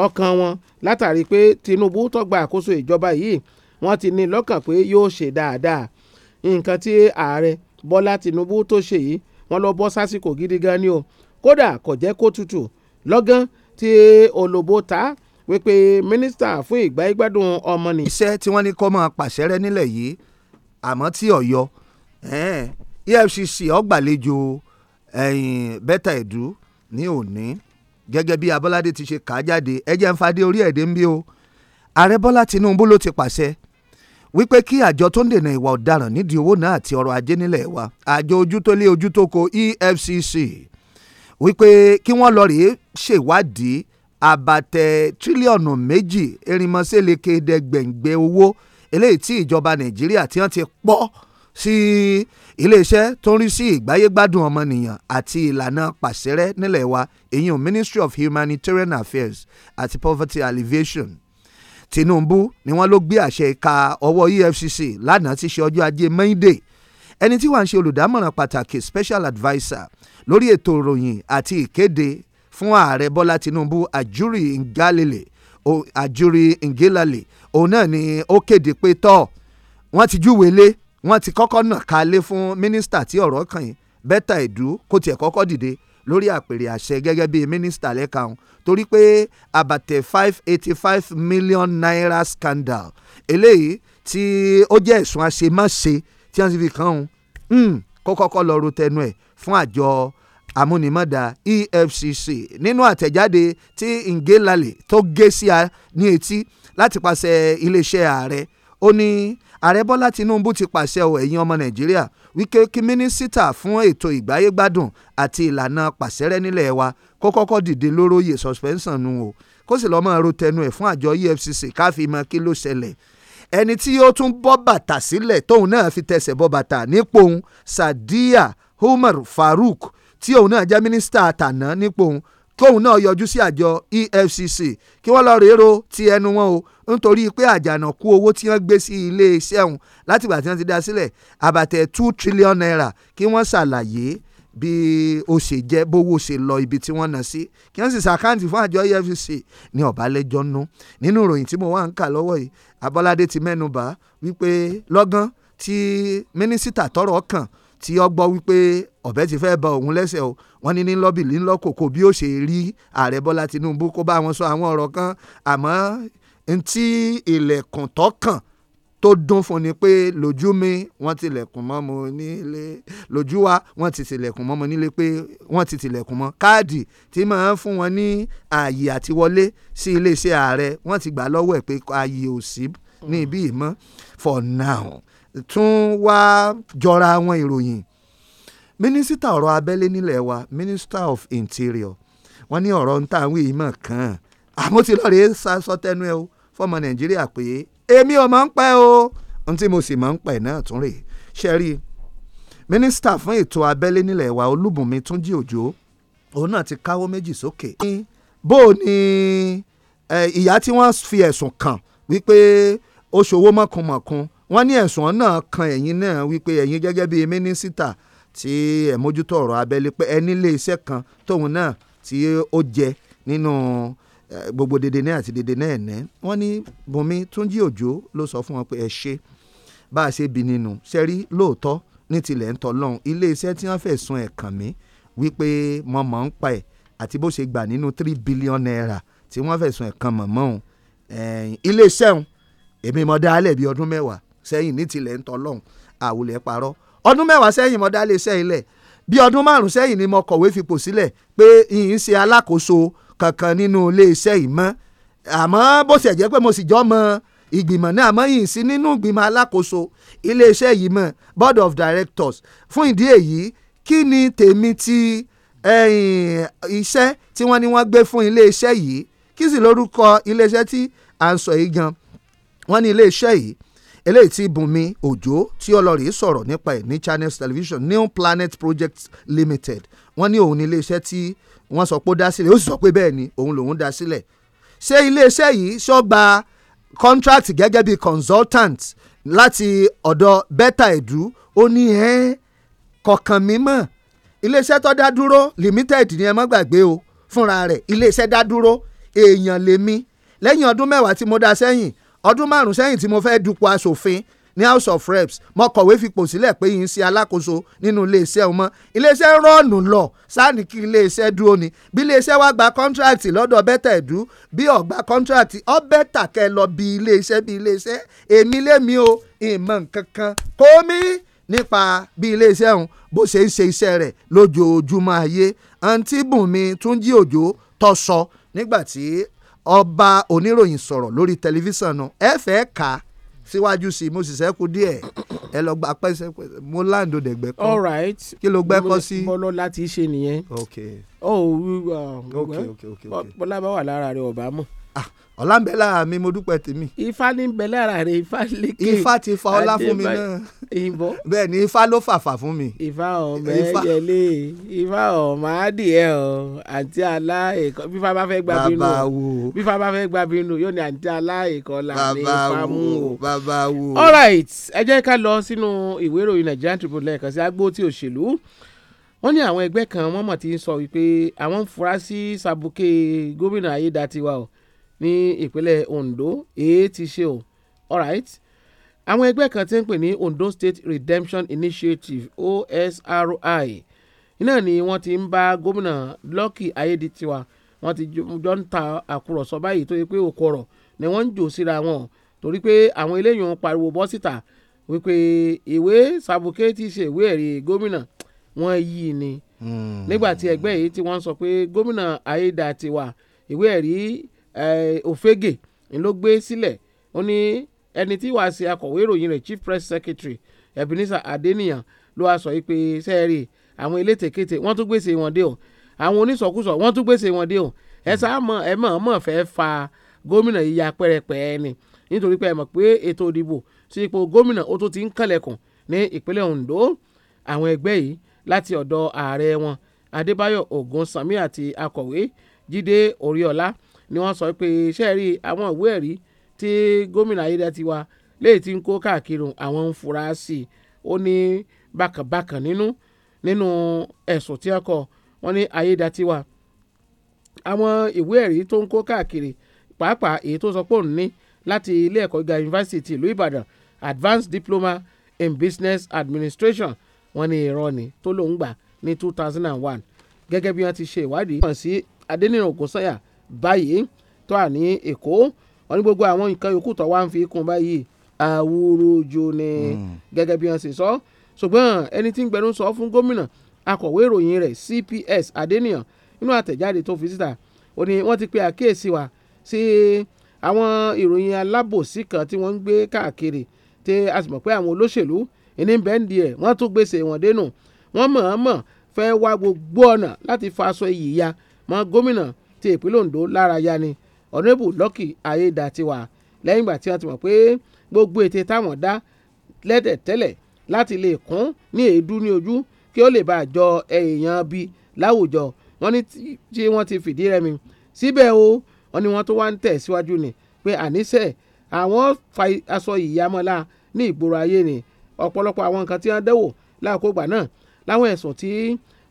ọkàn wọn látàrí pé tinubu tó gba àkóso ìjọba yìí wọ́n ti ní lọ́kàn pé yóò ṣe dáadáa nǹkan tí ààrẹ bọ́lá tinubu tó ṣe yìí wọ́n lọ bọ́ sásìkò gidi gan ni o kódà kò jẹ́ kó tutù lọ́gán tí olóbó ta wípé mínísítà fún ìgbà ìgbádùn ọmọnìyàn. iṣẹ́ tí wọ́n ní kọ́ máa pàṣẹ rẹ nílẹ̀ yìí àmọ́ tí ọ̀yọ́ EFCC ọgbàlejò bẹ́tà ẹ̀dú ní òní gẹ́gẹ́ bí Abọ́ládé ti ṣe kà á jáde ẹ̀jẹ̀ ń fadé orí ẹ̀dẹ́ ń bí o ààrẹ Bọ́lá Tinubu ló ti pàṣẹ wípé kí àjọ tó ń dènà ìwà ọ̀daràn nídìí owó náà àti ọrọ̀ ajé nílẹ̀ wa àjọ ojú tó lé ojú tó ko EFCC wípé kí wọ́n lọ rèé ṣèwádìí àbàtẹ tírílíọ̀nù méjì erinmọ́sẹ́lẹ̀kẹ́dẹ́gbẹ̀ngbẹ̀ owó eléyìí tí ìjọba Nàìjíríà tí wọ́n ti pọ́ sí iléeṣẹ́ tó ń rí sí ìgbáyégbádùn ọmọnìyàn àti ìlànà pàṣẹrẹ́ nílẹ̀ wa èyí ò Ministry of Humanitarian Affairs àti Poverty Alleviation Tinubu ni wọ́n ló gbé àṣẹ ìka ọwọ́ EFCC lánàá ti ṣe ọjọ́ ajé Monday ẹni tí wàá ń ṣe olùdámọ̀ràn pàtàkì special adviser lórí ètò ìròyìn àti ìkéde fún ààrẹ Bọ́lá Tinubu Ajuri Ngalale Ajuri Ngelale òun náà ni ó kéde pé tọ́ wọ́n ti júwèé lé wọ́n ti kọ́kọ́ nà kalẹ̀ fún mínísítà tí ọ̀rọ̀ kàn yín Betta Edu kó tiẹ̀ kọ́kọ́ dìde lórí àpèrè àṣẹ gẹ́gẹ́ bíi mínísítà lẹ́ka ọ̀hún torí pé àbàtẹ̀ five eighty five million naira scandal eléyìí tí ó jẹ́ ẹ̀sùn àṣemáṣe tí wọ́n ti fi kàn ọ́n hmm, kọ́kọ́kọ́ lọ ro tẹnu ẹ̀ fún àjọ amúnimọ́dà EFCC nínú àtẹ̀jáde tí Ngelale tó gé sí a ní etí láti pàṣẹ iléeṣẹ́ ààrẹ ó ní ààrẹ bọ́lá tinubu ti pàṣẹ o ẹ̀yin ọmọ nàìjíríà wíkẹ́ kí mínísítà fún ètò ìgbáyégbádùn àti ìlànà pàṣẹrẹ́ nílẹ̀ wa kó kọ́kọ́ dìde lóróyè suspension nu o kó sì lọ́ọ́ máa ro tẹnu ẹ̀ fún àjọ efcc káfí mọ kí ló ṣẹlẹ̀ ẹni tí ó tún bọ́ bàtà sílẹ̀ tóun náà fi tẹsẹ̀ bọ́ bàtà nípò òun sadiya umar farouk tí òun náà jẹ́ mínísítà àtàná nípò òun kóun náà yọjú sí àjọ EFCC kí wọ́n lọ rèé ro ti ẹnu wọn o nítorí pé àjànàkú owó tí wọ́n gbé sí ilé iṣẹ́ ọ̀hún látìgbà tí wọ́n ti dá sílẹ̀ àbàtẹ̀ two trillion naira kí wọ́n ṣàlàyé bí ó ṣe jẹ́ bówó ṣe lọ ibi tí wọ́n ná sí kí wọ́n sì ṣàkáǹtì fún àjọ EFCC ní ọ̀bálẹ́jọ́ nú nínú ìròyìn tí mo wá ń kà lọ́wọ́ yìí Abọ́ládé ti mẹ́nu bà wípé lọ́gán tí mínísítà tọ́rọ̀ kàn tí ó gbọ́ wípé ọ̀bẹ ti fẹ́ ba òun lẹ́sẹ̀ o wọ́n ní ní lọ́bì ní lọ́kòkò bí ó ṣe rí ààrẹ bọ́lá tinubu kó bá wọn sọ àwọn ọ̀rọ̀ kan àmọ́ ntí ilẹ̀kùn tọ́kàn tó dún fún ni pé lójú mi wọ́n ti tilẹ̀kùn mọ́ mo nílé lójú wa wọ́n ti tilẹ̀kùn mọ́ mo nílé pé wọ́n ti tilẹ̀kùn mọ́ káàdì tí máa fún wọn ní ààyè àti wọlé sí iléeṣẹ́ ààrẹ wọ́n ti gbà lọ́wọ́ ẹ̀ pé ààyè ò sí ní ibi ìmọ̀ for now tún wá jọra àwọn ìròyìn mínísítà ọ̀rọ̀ abẹ́lé nílẹ̀ wa minister of interior wọ́n ní ọ̀rọ̀ ntà àwọn èèmọ̀ kan àmọ́ ti lọ́ọ̀rẹ́ sọ tẹnu ẹ o fọmọ nàìjíríà pé èmi ò máa ń pẹ́ o n tí mo sì máa ń pẹ́ náà tún rè ṣe rí mínísítà fún ètò abẹ́lé nílẹ̀ wa olúbùnmi túnjí òjò òun náà ti káwọ́ méjì sókè. bó o ní ìyá tí wọ́n fi ẹ̀sùn kàn wípé ó ṣòwò mọ̀kùnmọ̀kùn wọ́n ní ẹ̀sùn náà kan ẹ̀yin náà wípé ẹ̀yin gẹ́gẹ́ bíi mínísítà tí ẹ̀ mójútó ọ̀rọ̀ abẹ́lé pé ẹni ilé iṣẹ́ kan tóun náà tí ó jẹ nínú gbogbo dèdè náà àti dèdè náà ẹ̀nẹ́ wọ́n ní Bùnmi Túnjí Òjó ló sọ fún wọn pé ẹ ṣe bá a ṣe bì nínú ṣẹ́rí lóòótọ́ ní tilẹ̀ ń tọ́ lọ́hùn ilé iṣẹ́ tí wọ́n fẹ̀sùn ẹ̀ kàn mí wípé mo mọ̀ ń pa ẹ̀ àti bó ṣe gbà nínú three billion naira tí wọ́n fẹ̀sùn ẹ̀ kàn mọ̀mọ́ òun ilé iṣẹ́ òun èmi mo dá a ọdún mẹ́wàá sẹ́yìn ní tilẹ̀ ń tọ́lọ́hún àwòlẹ̀ parọ́ ọdún mẹ́wàá sẹ́yìn mo dálé iṣẹ́ ilẹ̀ bí ọdún márùn sẹ́yìn ni mo kọ̀wé fipò sílẹ̀ pé ìyìn ṣe alákòóso kankan nínú ilé iṣẹ́ yìí mọ́ àmọ́ bó ṣe jẹ́ pé mo sì jọ́ mọ́ ìgbìmọ̀ náà àmọ́ yìí sí nínú ìgbìmọ̀ alákòóso iléeṣẹ́ yìí mọ̀ board of directors fún ìdí èyí kí ni tèmi ti iṣẹ́ tí wọ́n ní wọ́n gbé fún iléeṣẹ́ yìí kí sì lórúkọ iléeṣẹ́ tí à ń sọ yìí gan wọ́n ní iléeṣẹ́ yìí eléyìí tí Bùnmi Òjó tí ọlọ́rìí sọ̀rọ̀ nípa ẹ̀ ní Channels Television New Planet Project Limited wọ́n ní òun ní iléeṣẹ́ tí wọ́n sọ pé ó dá sílẹ̀ ó sì sọ pé bẹ́ẹ̀ ni òun lòun dá sílẹ̀ ṣé iléeṣẹ́ yìí ṣọ́gba contract gẹ́gẹ́ bí consultant láti ọ̀dọ̀ Bẹ́tà Ẹ̀dú ó ní ẹ́ kọ̀ọ̀kan mímọ́ iléeṣẹ́ tó dá dúró limited ni ẹ má gbàgbé o fúnra rẹ̀ iléeṣẹ́ dá dúró èèyàn lèmi lẹ́yìn ọdún mẹ́wàá tí mo dá sẹ́yìn ọdún márùn sẹ́yìn tí mo fẹ́ dupò aṣòfin ní house of reps mo kọ̀wé fipò sílẹ̀ pé yìí ń ṣe alákòóso nínú iléeṣẹ́ ọmọ iléeṣẹ́ rọ́ọ̀nù lọ sáàní kí iléeṣẹ́ dúró ni bí iléeṣẹ́ wa gba kọ́ńtíráàtì lọ́dọ̀ bẹ́tà ẹ̀dú bí ọ̀gbà kọ́ńtíráàtì ọbẹ̀ tàkẹ́ lọ bí iléeṣẹ́ bí iléeṣẹ́ èmi lémi o ìmọ̀ nǹkan kan kó mi nípa bí iléeṣẹ́ ọ̀hún bó ṣe ń ṣe iṣẹ́ rẹ̀ lójoojúmọ́ ayé àǹtí bùnmi túnjí òjò tó sọ nígbà tí ọba oníròyìn sọ̀rọ̀ lórí tẹlifíṣàn nu ẹ fẹ́ kà síwájú sí mo sì sẹ́kù díẹ̀ ẹ lọ gba pẹ́sẹ́ mo láǹdó dẹ̀gbẹ́ kọ́ all right kí ló gbẹ́ sí. mo lọ láti ṣe nìyẹn. ok oh uh, ok ok ok bọ́lá bá wà lára rẹ̀ ọ̀bá mọ̀. Ah, ọlá ń bẹ lára mi mo dúpẹ́ tèmi. ifá ní bẹ lára rẹ ifá lékè. ifá ti fa ọlá fún mi náà. ìbọn. bẹ́ẹ̀ ni ifá ló fàfà fún mi. ifá ọmọ ẹyẹlé ifá ọmọ adìẹ ọ àǹtí alá èkó bífá bá fẹ́ gba bínú. bàbá wo bífá bá fẹ́ gba bínú yóò ní àǹtí alá èkó là ní ifá mú o. bàbá wo. all right ẹ jẹ́ ká lọ sínú ìwé ìròyìn Nigerian Tribune lẹ́ẹ̀kan sí agbó tí òṣèlú wọ́n ní àwọn ẹgbẹ́ kan wọ́n mọ̀ ti ń sọ wípé àwọn ń fura sí sàbùkẹ́ gómìnà Ayédatiwa o ní ìpínlẹ̀ Ondo èé ti ṣe o alright àwọn ẹgbẹ́ kan ti ń pè ní Ondo State Redemption Initiative OSRI iná ni wọ́n ti ń bá gómìnà Lucky Ayédètiwa wọ́n ti jọ ń ta àkùrọ̀sọ báyìí tó yẹ pé òkú ọ̀rọ̀ ni wọ́n ń jò síra wọn torí pé àwọn eléyìí ń pariwo bọ́ síta wípé ìwé sàbùkẹ́tì ṣe ìwé ẹ̀rí gómìnà wọn yìí ni hmm. nígbà tí ẹgbẹ́ yìí tí wọ́n sọ pé gómìnà Ayédètiwa ìwé ẹ̀rí Ofege ni ló gbé sílẹ̀ ó ní ẹni tí wàá ṣe akọ̀wé ìròyìn rẹ̀ chief press secretary Ebenezer Adeniyan ló wá sọ pé sẹ́ẹ̀rì àwọn elétekéte wọ́n tún gbèsè wọn dé o àwọn onísọkúsọ wọ́n tún gbèsè wọn dé o ẹ sáà mọ̀ ẹ mọ̀ mọ̀ fẹ́ fa gómìnà yìí ya pẹ́rẹpẹ́ ni nítorí pé ẹ mọ̀ pé ètò ìdìbò sí ipò gómìnà ó tó ti ń kànlẹ̀kùn ní ìpínlẹ̀ Ondo àwọn ẹgbẹ́ yìí láti ọ̀dọ̀ ààrẹ wọn Adébáyọ̀ Ògúnsanmi àti akọ̀wé Jídé Oríọlá ni wọ́n sọ pé sẹ́ẹ̀rí àwọn ìwé ẹ̀rí tí gómìnà Ayédètiwa léyìí tí ń kó káàkiri àwọn ń fura sí i ó ní bákànbákàn nínú nínú ẹ̀sùn tí wọ́n kọ wọ́n ní Ayédètiwa àwọn ìwé ẹ̀rí tó ń kó káàkiri pàápàá èyí tó sọ pé òun ní láti ilé ẹ̀kọ́ gíga yunifásitì ìlú Ìbàdàn Advanced Diploma in Business Administration wọ́n ní irọ́ ni tó lòún gbà ní two thousand and one gẹ́gẹ́ bí wọ́n ti ṣe ìwádìí. wọ́n sí Adéníran Ògúnsáyà báyìí tó wà ní Èkó wọn ní gbogbo àwọn nǹkan yòókù tó wá ń fi kún báyìí àwòròjò ni hmm. gẹ́gẹ́ bí wọ́n ṣe sọ ṣùgbọ́n ẹni tí ń gbẹnu sọ fún gómìnà akọ̀wé ìròyìn rẹ̀ CPS Adéníyàn nínú àtẹ̀jáde tó fi síta ó ní wọ́n ti pe àkíyèsí wa sí àwọn ìròyìn alábòsí kan tí wọ́n ń gbé káàkiri tí a sì mọ̀ pé àwọn olóṣèlú ìní bẹ́ńdì ẹ̀ wọ́n tún gbèsè wọn dénú wọ́n mọ̀ọ́mọ̀ fẹ́ wá gbogbo ọ̀nà láti fa aṣọ iyì mọ́ gómìnà ti ìpínlẹ̀ Ondo lárayá ni ọ̀nẹ́bù lọ́kì ayédàtiwà lẹ́yìn ìgbà tí wọ́n ti mọ̀ pé gbogbo ète táwọn dá lẹ́dẹ̀ tẹ́lẹ̀ láti lè kún ní èédú ní ojú kí ó lè bá àjọ èèyàn bí láwùjọ wọn ní tí wọ́n ti fìdí rẹmi síbẹ̀ o wọn ni wọ́n tó wá ń tẹ̀ síwájú ni pé àníṣe àwọn fa aṣọ ìyàmọ́lá ní ìgboro ayé ni ọ̀pọ̀lọpọ̀ àwọn nǹkan tí wọ́n dẹ́wò láàkógbà náà láwọn ẹ̀sùn tí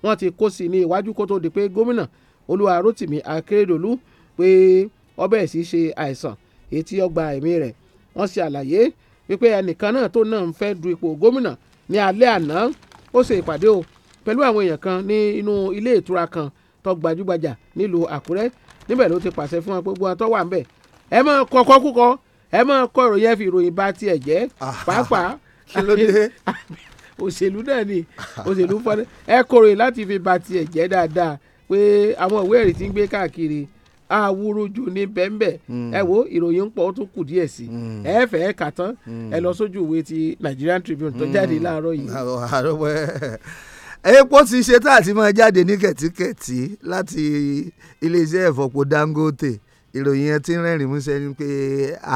wọ́n ti kó sí ní iwájú kó tó di pé gómìnà olúwa rotimi akérèdọ́lù pé ọbẹ̀ sì ṣe àìsàn etí ọgbà ẹ̀mí rẹ̀ wọ́n ṣe àlàyé wípé ẹnìkan náà tó náà ń fẹ́ du ipò gómìnà ní alẹ́ àná ó ṣe ìpàdé o pẹ̀lú àwọn èèyàn kan ní inú ilé ìtura kan tó gbajúgbajà nílùú àkúrẹ́ níbẹ̀ ló ti pàṣẹ fún wọn pé gbogbo wọn tó wà ń bẹ̀ ẹ máa kọ́kọ́ kúkọ́ ẹ máa kọ́ ìròyìn ẹ fi ìròyìn bá tiẹ̀ jẹ́ pàápàá òṣèlú náà ni òṣèlú fọ́nrẹ́ ẹ kọ̀ròyìn láti fi bá tiẹ̀ jẹ́ dáadáa pé àwọn ìwé ẹ̀rí tí ń gbé káàkiri àwòrojù ní bẹ́ńbẹ́ hmm. ẹ wo ìròyìn ń pọ̀ ó tún kù díẹ̀ sí hmm. ẹ fẹ́ kà tán hmm. ẹ lọ sójú ìwé ti Nigerian Tribune tó jáde láàárọ̀ yìí. epo ti ṣe tá àti máa jáde ní kẹ̀tíkẹ̀tí láti iléeṣẹ́ ìfọ̀pọ̀ Dangote ìròyìn yẹn ti ń rẹ́rìn músẹ́ ni pé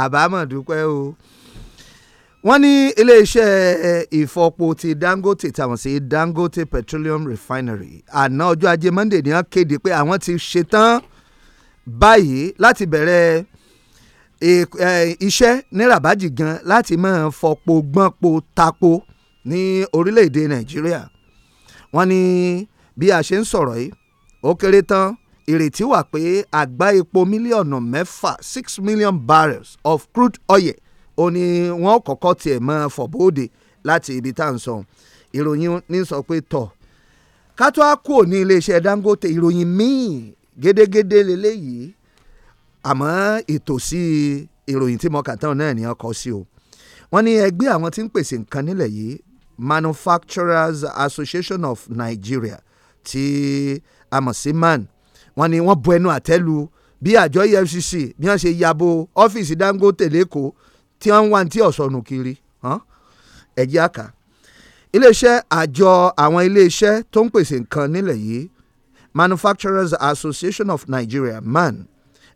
àbámọ̀ dúpẹ́ o wọ́n ní iléeṣẹ́ ìfọpo ti Dangote tàwọn sí Dangote Petroleum Refinery àná ọjọ́ ajé Monday ni wọ́n kéde pé àwọn ti ṣetán báyìí láti bẹ̀rẹ̀ iṣẹ́ ní gan láti máa fọpo gbọ́npo tapo ní orílẹ̀-èdè Nàìjíríà wọ́n ní bí a ṣe ń sọ̀rọ̀ yìí ó kéré tán ìrètí wà pé àgbá epo mílíọ̀nù mẹ́fà six million barrels of crude oil ó ní wọ́n kọ́kọ́ tiẹ̀ mọ́ fọ̀bóde láti ibi tá à ń sọ ìròyìn ní sọ pé tọ̀ ká tó á kúrò ní iléeṣẹ́ Dangote ìròyìn míì gédégédé lélẹ́yìí àmọ́ ìtòsí ìròyìn tí mo kà tán náà ni ọkọ̀ sí o wọ́n ní ẹgbẹ́ àwọn tí ń pèsè nǹkan nílẹ̀ yìí Manufacturers Association of Nigeria ti a mọ̀ sí MAN wọ́n ní wọ́n bu ẹnu àtẹ́ bí àjọ EFCC bí wọ́n ṣe yabo ọ́fíìsì Dangote lẹ́kọ̀ọ́ tí wọ́n ń wá tí ọ̀sọ̀nù kiri ẹ̀jẹ̀ àkà iléeṣẹ́ àjọ àwọn iléeṣẹ́ tó ń pèsè nǹkan nílẹ̀ yìí Manufacturers Association of Nigeria MAN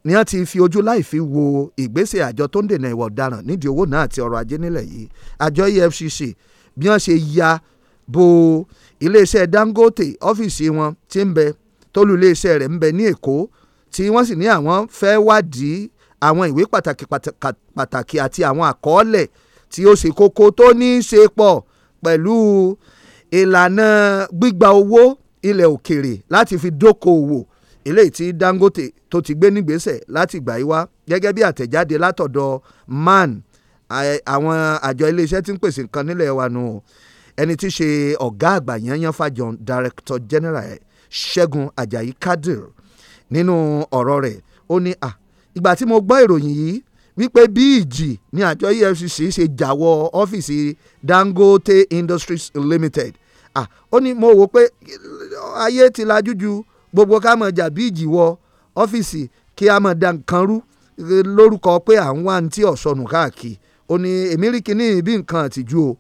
ni wọ́n ti fi ojú láì fi wo ìgbésẹ̀ àjọ tó ń dènà ìwà ọ̀daràn nídìí owó náà àti ọrọ̀ ajé nílẹ̀ yìí àjọ EFCC bí wọ́n ṣe ya bo iléeṣẹ́ Dangote ọ́fíìsì wọn ti ń bẹ tólú iléeṣẹ́ rẹ̀ ń bẹ ní Èkó tí wọ́n sì ní àwọn fẹ́ wádìí àwọn ìwé pàtàkì pàtàkì àti àwọn àkọọ́lẹ̀ tí ó ṣe kókó tó ní í ṣe pọ̀ pẹ̀lú ìlànà gbígba owó ilẹ̀ òkèrè láti fi dókòwò eléyìí tí Dangote tó ti gbé nígbésẹ̀ láti gbà yí wá gẹ́gẹ́ bí àtẹ̀jáde látọ̀dọ̀ man àwọn àjọ iléeṣẹ́ tí ń pèsè nǹkan nílẹ̀ wa nù ẹni tí í ṣe ọ̀gá àgbà yanyan fàjọ director general Ṣẹ́gun Ajayi Kadir nínú ọ̀rọ̀ rẹ̀ ó ní à ìgbà tí mo gbọ́ ìròyìn yìí wípé bí ìjì ni àjọ EFCC ṣe jà wọ ọ́fíìsì Dangote Industries Limited ah ó ní mo wò pé ayé ti lajú ju gbogbo ká mọ̀ jà bí ìjì wọ ọ́fíìsì kí a mọ̀ dá nǹkan rú lórúkọ pé à ń wá ní tí ọ̀sọ̀nù káàkiri ó ní èmi rí bí nǹkan àtijú o.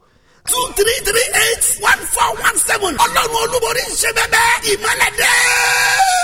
two three three eight one four one seven ọlọ́run olúborí ń ṣe bẹ́ẹ̀ bẹ́ẹ̀ ìmọ̀lẹ́dẹ́.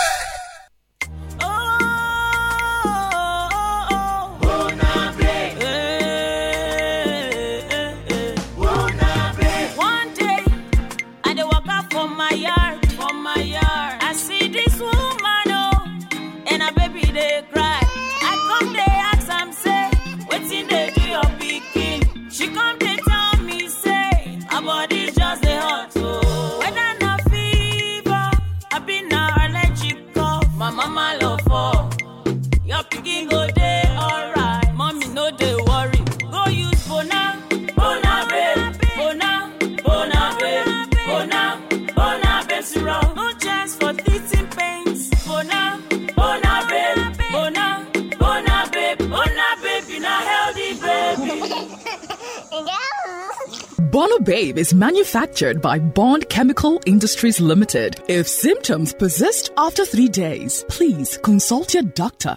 Bono Babe is manufactured by Bond Chemical Industries Limited. If symptoms persist after three days, please consult your doctor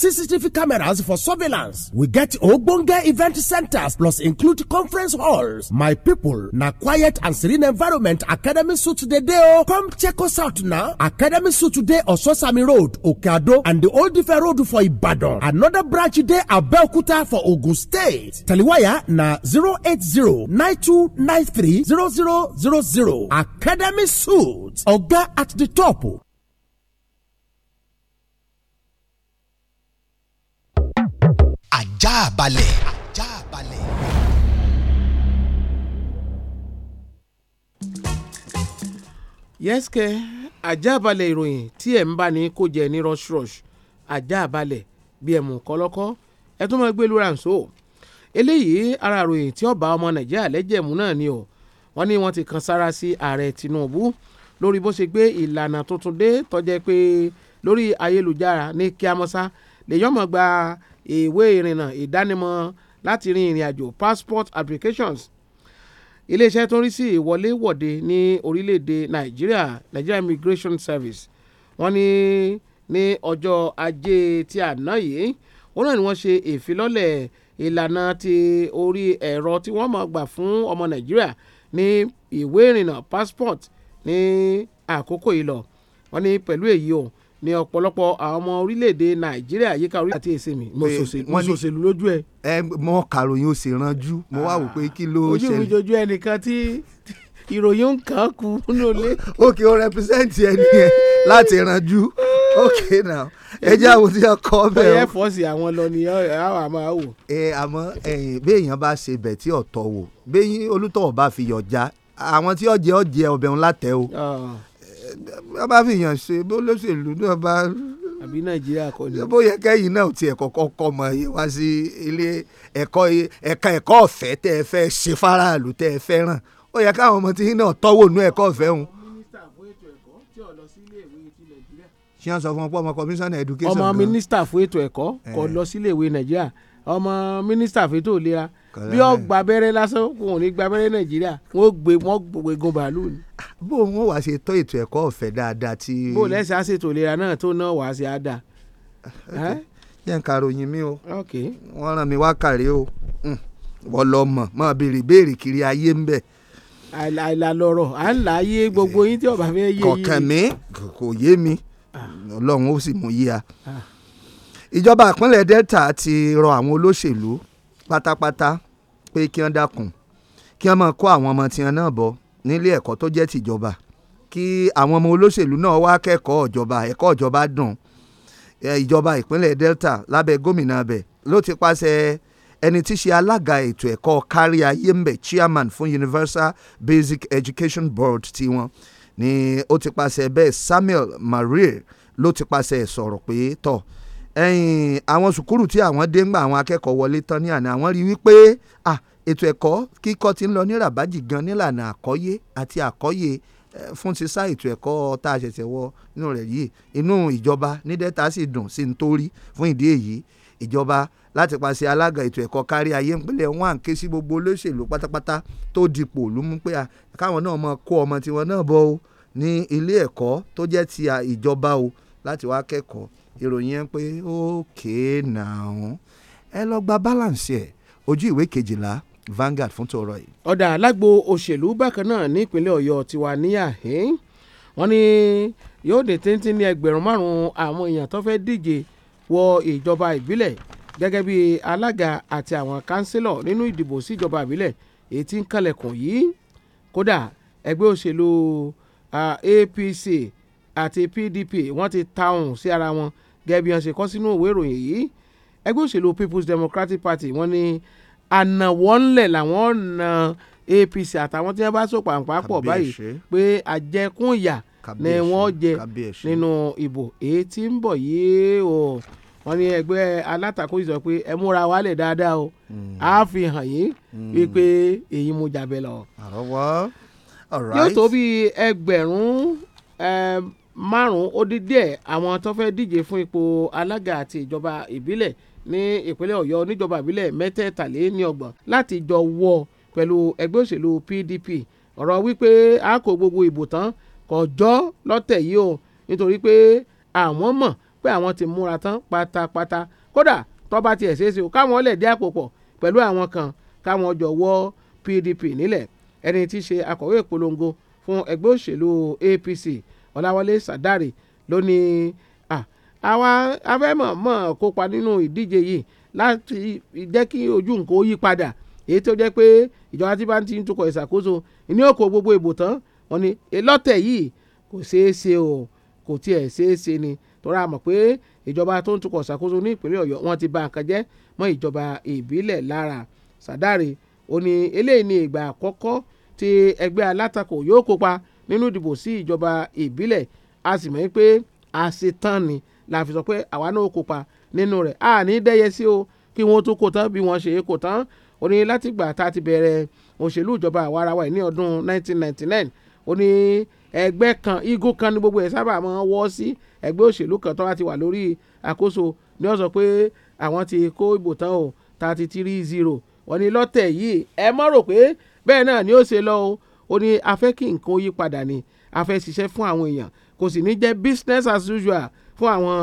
CCTV cameras for surveillance. We get ogbonge event centers plus include conference halls. My people na quiet and serene environment Academy Suit dey dey Oh, Come check us out now. Academy Suit dey Ososami Road, Okeado and the Old Ife Road for Ibadan. Another branch dey Abeokuta for Ogun State. Taliwaya na 08092930000. Academy Suit. Oga at the top. ajá balẹ̀. ajá balẹ̀. yẹ́sìkẹ́ ajá balẹ̀ ìròyìn tí ẹ̀ ń bá ní kó jẹ ní rush rush ajá balẹ̀ bí ẹ̀mú kọ́lọ́kọ́ ẹ tún máa gbé lóra ń so eléyìí ara ìròyìn tí ọba ọmọ nàìjíríà lẹ́jẹ̀mú náà ni o wọ́n ní wọ́n ti kan sára sí ààrẹ tinubu lórí bó ṣe gbé ìlànà tuntun dé tó pé lórí ayélujára ní kíámọ́sá lèyàn mọ̀ gba ìwé ìrìnnà ìdánimọ̀ láti rin ìrìn àjò passport applications iléeṣẹ́ tó ń rí sí ìwọléwọ̀de ní orílẹ̀-èdè nàìjíríà Nigeria Immigration Service wọ́n ní ní ọjọ́ ajé tí àná yìí wọ́n náà ni wọ́n ṣe ìfilọ́lẹ̀ ìlànà ti orí ẹ̀rọ tí wọ́n máa gbà fún ọmọ nàìjíríà ní ìwé ìrìnnà passport ní àkókò yìí lọ wọ́n ní pẹ̀lú èyí o ni ọ̀pọ̀lọpọ̀ àwọn ọmọ orílẹ̀-èdè nàìjíríà yíká orílẹ̀ àti èsè mi mo lójú ẹ. ẹ mọ kàròyìn ó sì ranjú mo wá wò pé kí ló ṣẹlẹ̀. ojú mi jojú ẹnìkan tí ìròyìn ń kàn kú nílé. òkè o represent ẹni yẹn láti ranjú òkè náà ẹ àwọn tí wọ́n kọ́ bẹ́ẹ̀ o. ẹ fọ́ọ̀sì àwọn lọ ni àwọn àmọ́ wò. ẹ àmọ́ ẹ̀yìn béèyàn bá ṣe bẹ̀ tí ọ̀tọ̀ wò béyìn olùtọ̀ bá fi yọ̀ já àwọn tí ọ̀jẹ̀ ọ̀jẹ̀ ọbẹ̀ ńlá o. Ah wọ́n bá fi yàn ṣe bó lóṣèlú náà bá. àbí nàìjíríà kọ́ ni. bó yẹ kẹ́yìn náà tiẹ̀ kọ́kọ́ kọ́ mọ iye wá sí ilé ẹ̀kọ́ ẹ̀ka ẹ̀kọ́ ọ̀fẹ́ tẹ́ ẹ fẹ́ ṣe faraàlú tẹ́ ẹ fẹ́ràn ó yẹ káwọn ọmọ tí náà tọ́wọ́ nú ẹ̀kọ́ ọ̀fẹ́ òun ṣé wọn sọ fún ọ pé ọmọ commissioner education. ọmọ minister fún ètò ẹ̀kọ́ kò lọ síléèwé nàìjíríà ọmọ mínísítà fètò ìlera bí ó gba abẹ́rẹ́ lásán wọn ò ní gba abẹ́rẹ́ nàìjíríà wọn ò gbé wọn gbogbo egun bàálù ni. Ah, bó o wọn wàá ṣe tọ́ ètò ẹ̀kọ́ ọ̀fẹ́ dáadáa tí. bó o lẹ́sẹ̀ á ṣètò ìlera náà tó náà wàá ṣe á dà. jẹ́ n ka mi o wọ́n rán mi wá kàrí o hmm, wọ́n lọ mọ̀ mọ́ béèrè béèrè kiri ayé ń bẹ̀. àìlà lọ̀rọ̀ à ń là á yé gbogbo yín tí ọba fẹ́ yé yín. kọ̀ọ̀kan mi kò yé mi ah. ọlọ́run ó sì mú yí ìjọba àpínlẹ̀ Delta ti rọ àwọn olóṣèlú pátápátá pé kí wọ́n dákun kí wọ́n máa kó àwọn ọmọ tiwọn náà bọ̀ nílé ẹ̀kọ́ tó jẹ́ tìjọba kí àwọn ọmọ olóṣèlú náà wá kẹ́kọ̀ọ́ ìjọba ẹ̀kọ́ ìjọba dùn ìjọba ìpínlẹ̀ Delta lábẹ́ gómìnà abẹ ló ti pàṣẹ ẹni tí í ṣe alága ètò ẹ̀kọ́ kárí ayé ń chairman fún Universal Basic Education Board tiwọn ni ó ti pàṣẹ bẹ́ẹ̀ Samuel Marie ló ti pàṣẹ sọ̀rọ̀ pé tọ̀ àwọn sùkúrù tí àwọn dé ńgbà àwọn akẹ́kọ̀ọ́ wọlé tán ní àná àwọn rí wípé ètò ẹ̀kọ́ kíkọ́ ti ń lọ ní ràbájì gan nílànà àkọ́yé àti àkọ́yé fún ti sá ètò ẹ̀kọ́ tá a ṣẹ̀ṣẹ̀ wọ inú rẹ̀ yìí inú ìjọba ní dẹ́ta sì dùn sí ń torí fún ìdí èyí ìjọba láti paṣẹ alága ètò ẹ̀kọ́ kárí ayé ńpínlẹ̀ wọn à ń ké sí gbogbo olóṣèlú pátápátá tó dipò lùmú pé káwọn náà mọ kó ọmọ tiwọn náà bọ̀ o ní ilé ẹ̀kọ́ tó jẹ́ ti ìjọba o láti wá kẹ́kọ̀ọ́ ìròyìn yẹn pé okay now ẹ lọ gba balance ẹ̀ ojú ìwé kejìlá Vanguard fún tòrọ yìí. ọ̀dà alágbo òṣèlú bákan náà ní ìpínlẹ̀ Ọ̀yọ́ ti wà níyà wọ́n ní yóò dé tíntín ní ẹgbẹ̀rún márùn-ún àwọn èèyàn tó fẹ́ díje wọ ìjọba ìbílẹ̀ gẹ́gẹ́ bí alága àti àwọn kánsílọ̀ nínú ìdìbò síjọba ìbílẹ̀ èyí tí ń kalẹ̀kùn yìí kódà ẹgbẹ́ òṣèlú APC àti PDP wọ́n ti ta ohùn sí ara wọn gẹ́gẹ́ bí wọ́n ṣe kọ́ sínú òwe ìròyìn yìí ẹgbẹ́ òṣèlú People's Democratic Party wọ́n ní ànàwọ́nlẹ̀ làwọn na APC àtàwọn tí wọ́n bá sòpà ń papọ̀ báyìí pé àjẹkùn ìyà ni wọ́n jẹ nínú ìbò èyí tí ń bọ̀ yìí o wọ́n ní ẹgbẹ́ alátakò sọ pé ẹ múra wálẹ̀ dáadáa o á hmm. fi hàn yín hmm. wípé èyí mo jàbẹ́ lọ. yóò tó bí ẹgbẹ̀rún eh, márùn-ún ó dín díẹ̀ àwọn tó fẹ́ díje fún ipò alága àti ìjọba ìbílẹ̀ ní ìpínlẹ̀ ọ̀yọ́ oníjọba ìbílẹ̀ mẹ́tẹ̀ẹ̀tàléníọgbọ̀n láti jọ wọ pẹ̀lú ẹgbẹ́ òṣèlú pdp ọ̀rọ̀ wípé a kò gbogbo ìbò tán kò jọ lọ́tẹ̀ yìí o nítorí pé àwọn mọ̀ pé àwọn ti múra tán pátápátá kódà tó bá tiẹ̀ ṣeé ṣe o káwọn lè dé àpò pọ̀ pẹ̀lú àwọn kan káwọn jọ wọ pdp nílẹ̀ ẹni tí í ṣe akọ̀wé ìpolongo fún ẹgbẹ́ òṣèlú apc ọláwálé sàdáre ló ní àwa afẹ́mọ̀mọ́ kópa nínú ìdíje yìí láti jẹ́ kí ojú nǹkan ó yí padà èyí tó jẹ́ pé ìjọba tí bá ti ń tukọ̀ ìṣàkóso ní òkò gbogbo ìbò tán wọn ni lọ́tẹ̀ yìí kò ṣeé ṣe o kò tiẹ̀ ṣeé ṣe ni tọ́ra mọ̀ pé ìjọba tó ń tukọ̀ ìṣàkóso ní ìpínlẹ̀ ọ̀yọ́ wọn ti ba nǹkan jẹ́ mọ́ ìjọba ìbílẹ̀ lára sàdáre ó eléyìí ni ìgbà àkọ́kọ́ tí ẹgbẹ́ alátakò yóò kópa nínú ìdìbò sí ìjọba ìbílẹ̀ a sì mọ̀ pé àṣetán ni la fi sọ pé àwa náà kópa nínú rẹ̀ a ní dẹ́yẹ sí o kí wọ́n tún kó tán bí wọ́n ṣe kó tán ó ní látìgbà tá a ti bẹ̀rẹ̀ òṣèlú ìjọba àwa ara wa ní ọdún 1999 ó ní ẹgbẹ́ kan igun kan ní gbogbo ẹ̀ sábà máa wọ́ sí ẹgbẹ́ òṣèlú kan tó wá ti wà lórí àkóso ni wọ́n pé àwọn ti kó ìbò tán o thirty three zero wọ́n ní lọ́tẹ̀ yìí ẹ mọ́ rò pé bẹ́ẹ̀ náà ni ó ṣe lọ o ó ní a fẹ́ kí nǹkan yí padà ni a fẹ́ ṣiṣẹ́ fún àwọn èèyàn kò sì ní jẹ́ business as usual fún àwọn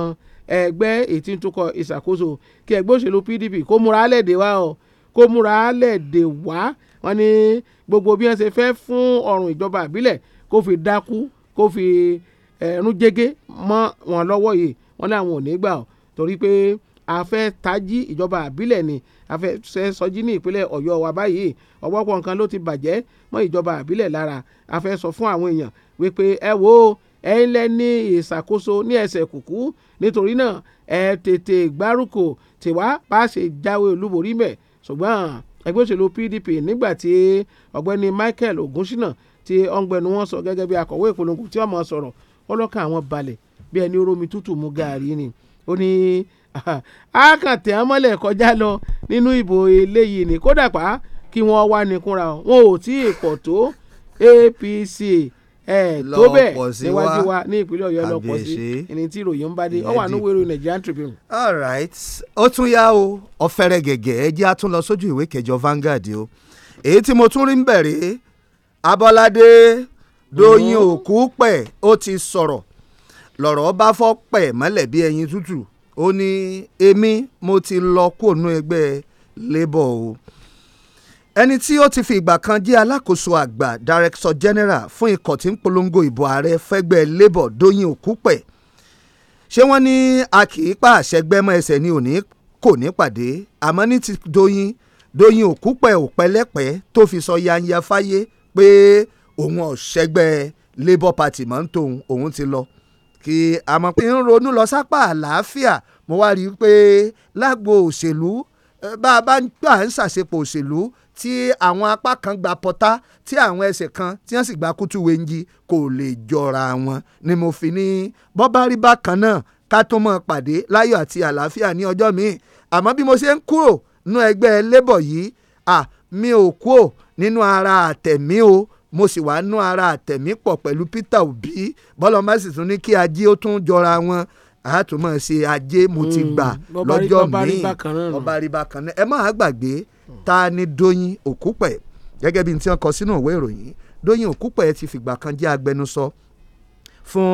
ẹgbẹ́ ètí ìtukọ̀ ìṣàkóso kí ẹgbẹ́ òṣèlú PDP kó múra lẹ́ẹ̀dẹ̀ wá o kó múra lẹ́ẹ̀dẹ̀ wá wọn ní gbogbo bí wọ́n ṣe fẹ́ fún ọrùn ìjọba àbílẹ̀ kó fi dákú kó fi ẹ̀rún eh, jẹ́gẹ́ mọ́ wọn lọ́wọ́ yìí wọn ní àwọn ò ní gbà o torí pé afẹ́ tají ìjọba àbílẹ̀ ni afẹ́ sọjí ní ìpínlẹ̀ ọ̀yọ́ wa báyìí ọ̀pọ̀pọ̀ nǹkan ló ti bàjẹ́ mọ́ ìjọba àbílẹ̀ lára afẹ́ sọ fún àwọn èèyàn wípé ẹ wo ẹ̀yin lẹ ní ìṣàkóso ní ẹsẹ̀ kùkú nítorí náà ẹ tètè gbárùkù tìwá bá ṣe jáwé olúborí mẹ́ ṣùgbọ́n ẹgbẹ́ òṣèlú PDP nígbà ọ̀gbẹ́ni Michael Ogunṣina tí ọ̀ngbẹ́ni wọn sọ gẹ́gẹ́ bí akọ̀wé ìpolongo tí ọmọ sọ̀rọ̀ ọlọ́kàn àwọn balẹ̀ bí ẹni orómi tútù mú gaàrí ni ó ní á kàn tẹ̀ ẹ́ mọ́lẹ̀ kọjá lọ nínú ìbò eléyìí ni kódà pa kí wọ́n wá nìkúnra wọn ò tí ì pọ̀ tó APC ẹ tó bẹ́ẹ̀ níwájú wa ní ìpínlẹ̀ Ọ̀yọ́ lọ́pọ̀ sí ẹni tí ìròyìn ń bá dé ọwọ́ àánú wérò Nigerian Tribune. all right ó tún yá o ọ̀fẹ́rẹ́ gẹ̀gẹ́ ẹ jẹ́ a lọ sójú ìwé kẹjọ Vanguard o èyí tí mo tún rí ń bẹ̀rẹ̀ Abọ́ládé Doyin Òkúpẹ̀ ó ti sọ̀rọ̀ lọ̀rọ̀ bá fọ́ pẹ̀ mọ́lẹ̀ bí ẹyin tútù ó ní èmi mo ti lọ kúrò nínú ẹgbẹ́ labour o ẹni tí ó ti fi ìgbà kan jẹ́ alákòóso àgbà director general fún ikọ̀ tí ń polongo ìbò ààrẹ fẹ́gbẹ́ labour dóyin òkúpẹ̀ ṣé wọ́n ní a kì í pa àṣẹgbẹ́mọ ẹsẹ̀ ni òní kò ní pàdé àmọ́ ní ti dóyin dóyin òkúpẹ̀ òpẹ́lẹ́pẹ́ tó fi sọ yanya fáyé pé òun ọ̀ṣẹ́gbẹ́ labour party máa ń tóun òun ti lọ kí a mọ̀ pé ń ronú lọ sápá àlàáfíà mo wá rí i pé lágbo òṣèlú bá a bá ń gbà ń ṣàṣepọ̀ òṣèlú tí àwọn apá kan gba pọ́tá tí àwọn ẹsẹ̀ kan tí wọ́n sì gba kútu wenji kò lè jọra wọn ni mo fi ní bọ́bárí bákan náà ká tó mọ̀ pàdé láyọ̀ àti àlàáfíà ní ọjọ́ míì àmọ́ bí mo ṣe ń kúrò nú ẹgbẹ́ labour yìí mi ò kúò nínú ara àtẹ̀mí o mo sì wá nú ara àtẹ̀mí pọ̀ pẹ̀lú Peter Obi bọ́lọ́mọ́ sì tún ní kí ajé ó tún jọra wọn àtúmọ̀ ṣe ajé mo ti hmm, gbà lọ́jọ́ míì ọba rí bákan náà ẹ má gbàgbé ta ni Doyin Òkúpẹ̀ gẹ́gẹ́ bí n ti kọ sínú ìwé ìròyìn Doyin Òkúpẹ̀ ti fìgbà kan jẹ́ agbẹnusọ fún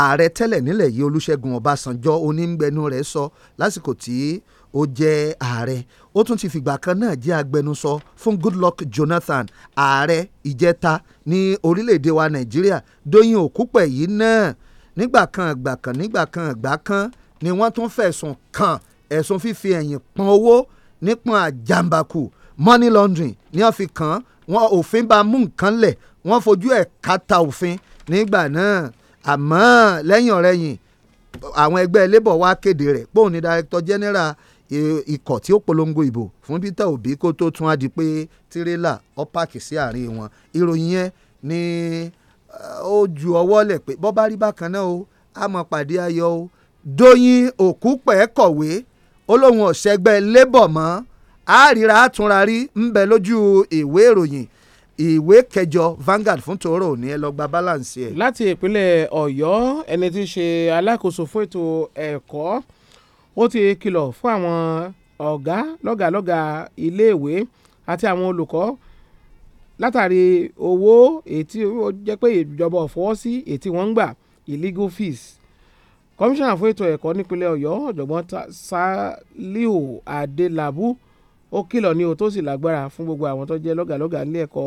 ààrẹ tẹ́lẹ̀ nílẹ̀ yìí Olúṣẹ́gun Ọbásanjọ́ onígbẹnu rẹ̀ sọ lásìkò tí ó jẹ́ ààrẹ ó tún ti fìgbà kan náà jẹ́ agbẹnusọ fún Goodluck Jonathan ààrẹ ìjẹta ní orílẹ̀-èdè wa Nàìjíríà Dóyin Òkúpẹ̀yí náà nígbà kan àgbà kan nígbà kan àgbà kan ni wọ́n tún fẹ̀sùn kàn ẹ̀sùn fífi ẹ̀yìn pọn owó nípọn àjàmbákù money laundering ni wọ́n fi kàn wọ́n òfin bá mú nǹkan lẹ̀ wọ́n fojú ẹ̀ kàtà òfin nígbà náà àmọ́ lẹ́yìn ọ̀rẹ́yìn àwọn ẹgbẹ́ labour wá kéde rẹ̀ póun ni director general ikọ̀ tí ó polongo ìbò fún Peter Obi kó tó tún á di pé tirẹ́là ó pààkì sí àárín wọn ìròyìn yẹn ni eh, ó ju ọwọ́ lẹ̀ pé bọ́ bá rí bákan náà o àmọ́ pàdé ayọ̀ o Dóyin Òkúpẹ̀ kọ̀wé ó lóun ọ̀sẹ̀gbẹ́ labour mọ́ àríra àtúnra rí ń bẹ lójú ìwé ìròyìn ìwé kẹjọ Vanguard fún tòórọ òní ẹ lọ gba balance ẹ. láti ìpínlẹ̀ Ọ̀yọ́ ẹni tí í ṣe alákòóso fún ètò ẹ̀kọ́ eh, ó ti kìlọ̀ fún àwọn ọ̀gá lọ́gàlọ́gà iléèwé àti àwọn olùkọ́ látàrí owó ètí ó jẹ́ pé ìjọba ọ̀fọwọ́ sí ètí wọ́n ń gbà illegal fees kọmíṣánná fún ètò ẹ̀kọ́ nípínlẹ̀ ọ̀yọ́ ọ̀jọ̀gbọ́n saliu adelabu ó kìlọ̀ ní o tó sì lágbára fún gbogbo àwọn tó jẹ́ lọ́gàlọ́gà ilé ẹ̀kọ́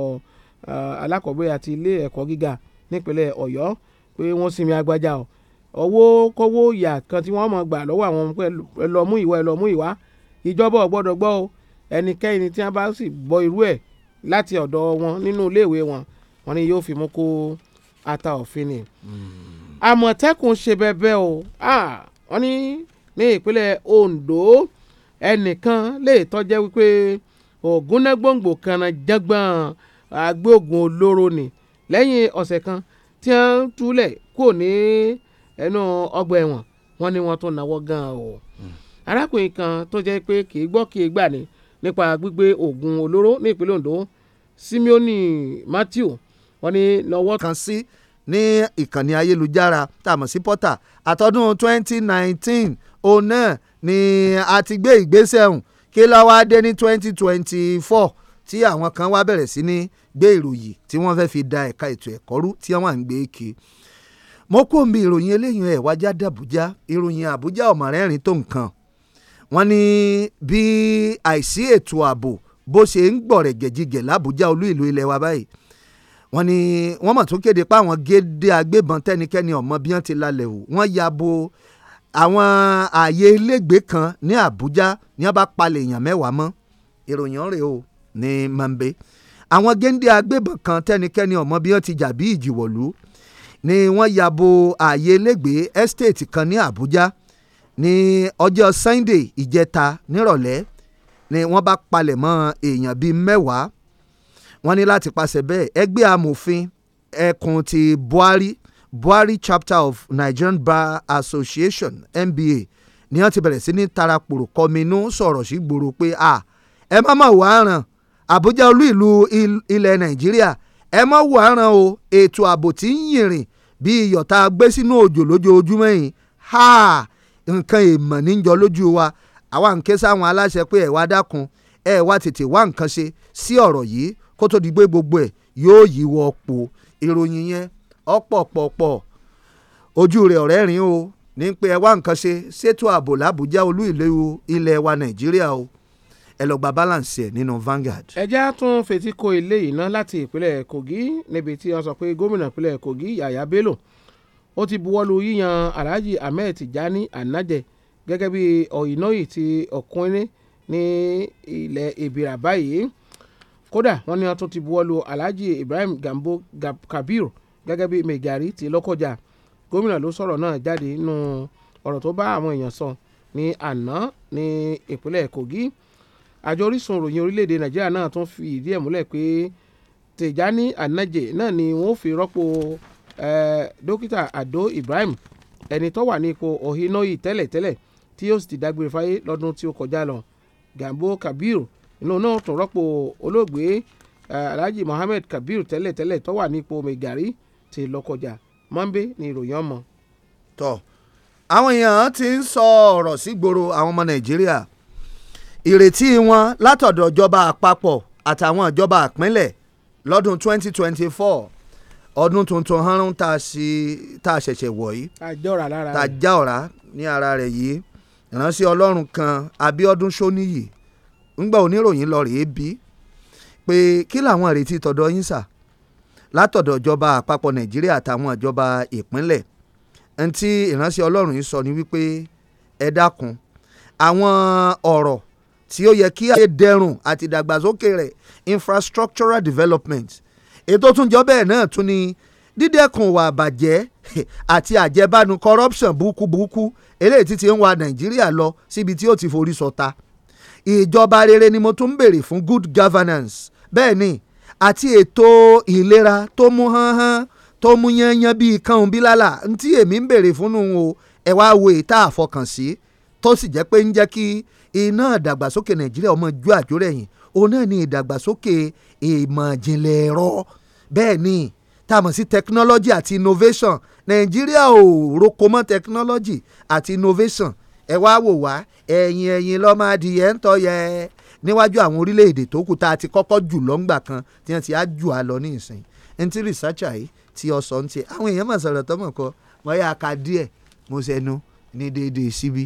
alákọ̀ọ́bẹ̀rẹ̀ àti ilé ẹ̀kọ́ gíga nípínlẹ̀ ọ̀yọ́ pé wọ́n sinmi agbájá o owó kówó ìyà kan tí wọ́n mọ̀ gbà lọ́wọ́ àwọn pé ẹ lọ mú ìwà ẹ lọ mú ìwà ìjọba ò gbọ́dọ̀ gbọ́ o ẹnikẹ́ni tí wọ́n bá sì gbọ́ irú ẹ̀ láti ọ̀dọ̀ wọn nínú iléèwé wọn wọn ni yóò fi mú kó ata òfin ni. Hmm. àmọ̀tẹ́kùn ṣe bẹ́bẹ́ o wọ́n ní ní ìpínlẹ̀ Ondo ẹnìkan lè tọ́jẹ́ wípé ògúnnágbòǹgbò kanna jẹ́gbọ́n agbóògùn olóró ni lẹ́yìn ọ̀sẹ̀ kan tí wọ́n túlẹ̀ kò ní. Ni ẹnu ọgbà ẹ̀wọ̀n wọ́n ní wọ́n tún náwó gan-an o. arákùnrin kan tó jẹ́ pé kì í gbọ́ kì í gbà ní nípa gbígbé oògùn olóró ní ìpínlẹ̀ Ondo Simeoni Matthew wọ́n ní lọ́wọ́ kan sí ní ìkànnì ayélujára tá sí portal àtọ́dún 2019 òun náà ni a ti gbé ìgbésẹ̀ ọ̀hún kí lọ́wọ́ á dé ní 2024 tí àwọn kan wá bẹ̀rẹ̀ sí ní gbé ìròyìn tí wọ́n fẹ́ fi da ẹ̀ka ètò ẹ̀kọ́ rú tí wọ́n à ń gbé kiri mọ́kòmbi ìròyìn eléyìí ẹ̀ wájá dàbújá ìròyìn àbújá ọ̀mọ̀ rẹ́rìn tó nǹkan wọ́n ní bí àìsí ètò ààbò bó ṣe ń gbọ̀rẹ̀ gẹ̀jigẹ̀ lábújá olú ìlú ilẹ̀ wa báyìí wọ́n ní wọ́n mọ̀ tún kéde pa àwọn gédé agbébọn tẹ́nikẹ́ni ọ̀mọ bí wọ́n ti lálẹ́ o wọ́n ya bo àwọn ààyè ilégbèé kan ní àbújá ní wọ́n bá palẹ̀ èèyàn mẹ́wàá mọ́ ìròyìn ọ̀rẹ́ o ní mọ̀nbé àwọn gédé agbébọn kan tẹ́nikẹ́ni ọ̀mọ bí wọ́n ti jà bí ìjìwọ̀lú ni wọ́n ya bo ààyè ilégbèé estate kan ní Àbújá ní ọjọ́ Sunday ìjẹta nírọ̀lẹ́ ni wọ́n bá palẹ̀mọ́ èèyàn bíi mẹ́wàá wọ́n ní láti pàṣẹ bẹ́ẹ̀ ẹgbẹ́ amòfin ẹkùn ti Buhari Buhari chapter of Nigerian Bar Association NBA ni wọ́n ti bẹ̀rẹ̀ sí ní tarapòrò kọminú sọ̀rọ̀ sí gbòòrò pé a ẹ má má wàá ràn Àbújá olú ìlú ilẹ̀ Nàìjíríà ẹ má wàá ràn o ètò ààbò tí ń yìnrìn bí iyọ̀ tá a gbé sínú òjò lójoojúmọ́ yìí ha nǹkan èèmọ̀ níjọ lójú wa àwa ń ké sáwọn aláṣẹ pé ẹ̀ wá dákun ẹ̀ wá tètè wá nǹkan ṣe sí ọ̀rọ̀ yìí kó tó di gbé gbogbo ẹ̀ yóò yíwọ́ po ìròyìn yẹn ọ̀pọ̀pọ̀pọ̀ ojú rẹ̀ ọ̀rẹ́ rìn o ní pé ẹ wá nǹkan ṣe ṣètò ààbò làbújá olú ìlú ilẹ̀ wa nàìjíríà o ẹ lọ gba balance ẹ̀ nínú Vanguard. ẹjẹ́ á tún fetí ko ilé yìí ná láti ìpínlẹ̀ Kogi níbi tí wọ́n sọ pé gómìnà ìpínlẹ̀ Kogi Yàyà Bello ó ti buwọ́lu yíyan Alhaji Ahmed Tijani Anaje gẹ́gẹ́ bí ọ̀yìnnáyì ti ọ̀kùnrin ní ilẹ̀ Ìbírà báyìí kódà wọ́n ní wọ́n tún ti buwọ́lu Alhaji Ibrahim Gambo Kabir gẹ́gẹ́ bí Megari ti Lọ́kọjà gómìnà ló sọ̀rọ̀ náà jáde nínú ọ̀rọ̀ tó bá àwọn èèyàn sọ ní àná ní ìpínlẹ̀ Kogi. No, àjọ orísun òròyìn orílẹ̀-èdè nàìjíríà náà tún fi ìdí ẹ̀ múlẹ̀ pé tèjání ànájẹ náà ni wọ́n fi rọ́pò dókítà àdó ibrahim ẹni tó wà ní ipò ohinoyi tẹ́lẹ̀tẹ́lẹ̀ tí ó sì ti dágbére fáyé lọ́dún tí ó kọjá lọ gambo kabir inú náà tún rọ́pò olóògbé alhaji mohammed kabir tẹ́lẹ̀tẹ́lẹ̀ tó wà ní ipò megari ti lọ́kọjà mọ́ńbé ni ìròyìn ọmọ. tọ́ àwọn èèyàn ti ń sọ ọ̀rọ̀ sí gbòòrò àwọn ọmọ nàìjíríà ìrètí wọn látọ̀dọ̀ ìjọba àpapọ̀ àtàwọn ìjọba ìpínlẹ̀ lọ́dún 2024 ọdún tuntun hanrun tá a sì tá a ṣẹ̀ṣẹ̀ wọ̀ yìí tá a já ọ̀rá ní ara rẹ̀ yìí ìránṣẹ́ ọlọ́run kan Abíọ́dún Ṣóníyì ńgbà oníròyìn lọ rèé bí pé kí làwọn ìrètí tọ̀dọ̀ yín sà látọ̀dọ̀ ìjọba àpapọ̀ Nàìjíríà àtàwọn ìjọba ìpínlẹ̀ ntí ìránṣẹ́ ọlọ́run yìí sọ ni wípé ẹ dákun àwọn ọ̀rọ̀ tí ó yẹ kí ayé dẹrùn àti ìdàgbàsókè rẹ̀ infrastructural development ètò tún jọ bẹ́ẹ̀ náà tún ni dídẹ́kun ìwà àbàjẹ́ àti àjẹbánu corruption burúkúburúkú eléyìí tí ti ń wa nàìjíríà lọ síbi tí ó ti forí sọta ìjọba rere ni mo tún béèrè fún good governance bẹ́ẹ̀ ni àti ètò ìlera tó mú hánhán tó mú yányán bíi kàn bí lálà ntí èmi ń béèrè fún nù o ẹ wá wo èyí tá a tó sì jẹ́ pé ń jẹ́ kí iná ìdàgbàsókè nàìjíríà ọmọ ju àjórẹ̀yìn òun náà ni ìdàgbàsókè ìmọ̀ ìjìnlẹ̀ ẹ̀rọ bẹ́ẹ̀ ni tá a mọ̀ sí technology àti innovation nàìjíríà ò roko mọ́ technology àti innovation ẹ wá wò wá ẹ̀yìn ẹ̀yìn lọ́mọ adìyẹ ń tọ́ yẹ níwájú àwọn orílẹ̀-èdè tó kù tá a ti kọ́kọ́ jù lọ́ngbà kan tí wọ́n ti á jù á lọ ní ìsìn ẹni tí researcher yìí ti ọ̀sọ̀ ń tiẹ̀ àwọn èèyàn mọ̀ sọ̀rọ̀ tọ́mọ̀ kọ wọ́n yà á ka díẹ̀ mo ṣẹnu ní déédéé síbí.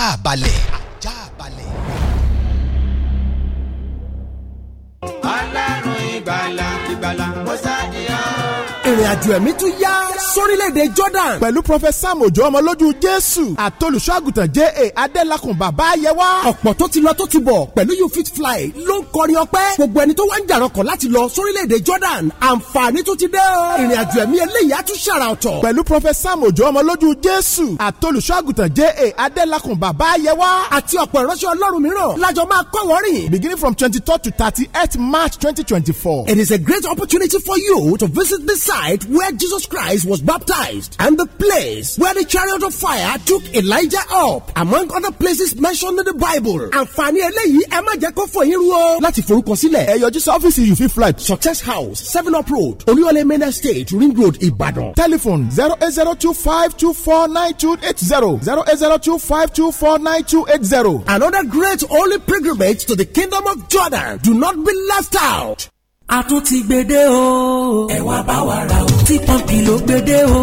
ajá balẹ̀. ajá balẹ̀. ọlọ́run ìgbàlà ìgbàlà mọ́sáàdì hàn ìrìn àjò ẹ̀mí tún yá sórílẹ̀-èdè Jordan pẹ̀lú Prophet Sam Òjó ọmọlójú Jésù àtolùṣọ́àgùtàn J.A. Adélakùn bàbá ayẹwà. ọ̀pọ̀ tó ti lọ tó ti bọ̀ pẹ̀lú you fit fly ló ń kọrin ọpẹ́ gbogbo ẹni tó wá ń jàrọ̀kọ̀ láti lọ sórílẹ̀-èdè Jordan àǹfààní tún ti dé o ìrìn àjò ẹ̀mí eléyìí á tún ṣàrà ọ̀tọ̀. pẹ̀lú Prophet Sam Òjó ọmọlójú Jésù àtolùṣọ́àgùtàn J.A. Adélakùn bàbá ayẹwà àti ọ̀pọ̀ ìránṣẹ́ Ọlọ́run mìíràn lájọ máa beginning from twenty to thirty March twenty it is a great opportunity for you to visit this site site where Jesus Christ was baptized and the place where the chariot of fire took Elijah up, among other places mentioned in the Bible. Àǹfààní eléyìí Emma má jẹ́ kó fò yín rú o. Láti forúkọsílẹ̀, ọ́fíìsì yìí fi flight. Success House, Seven Up Road, Olúyọ̀lé Main Estate, Ring Road, Ìbàdàn. Telephone zero eight zero two five two four nine two eight zero zero eight zero two five two four nine two eight zero. Another great holy pilgrimage to the kingdom of Jordan. Do not be left out. a tún ti gbede o. ẹ wá bá wa ra o. tí pọ́ǹpì ló gbede o.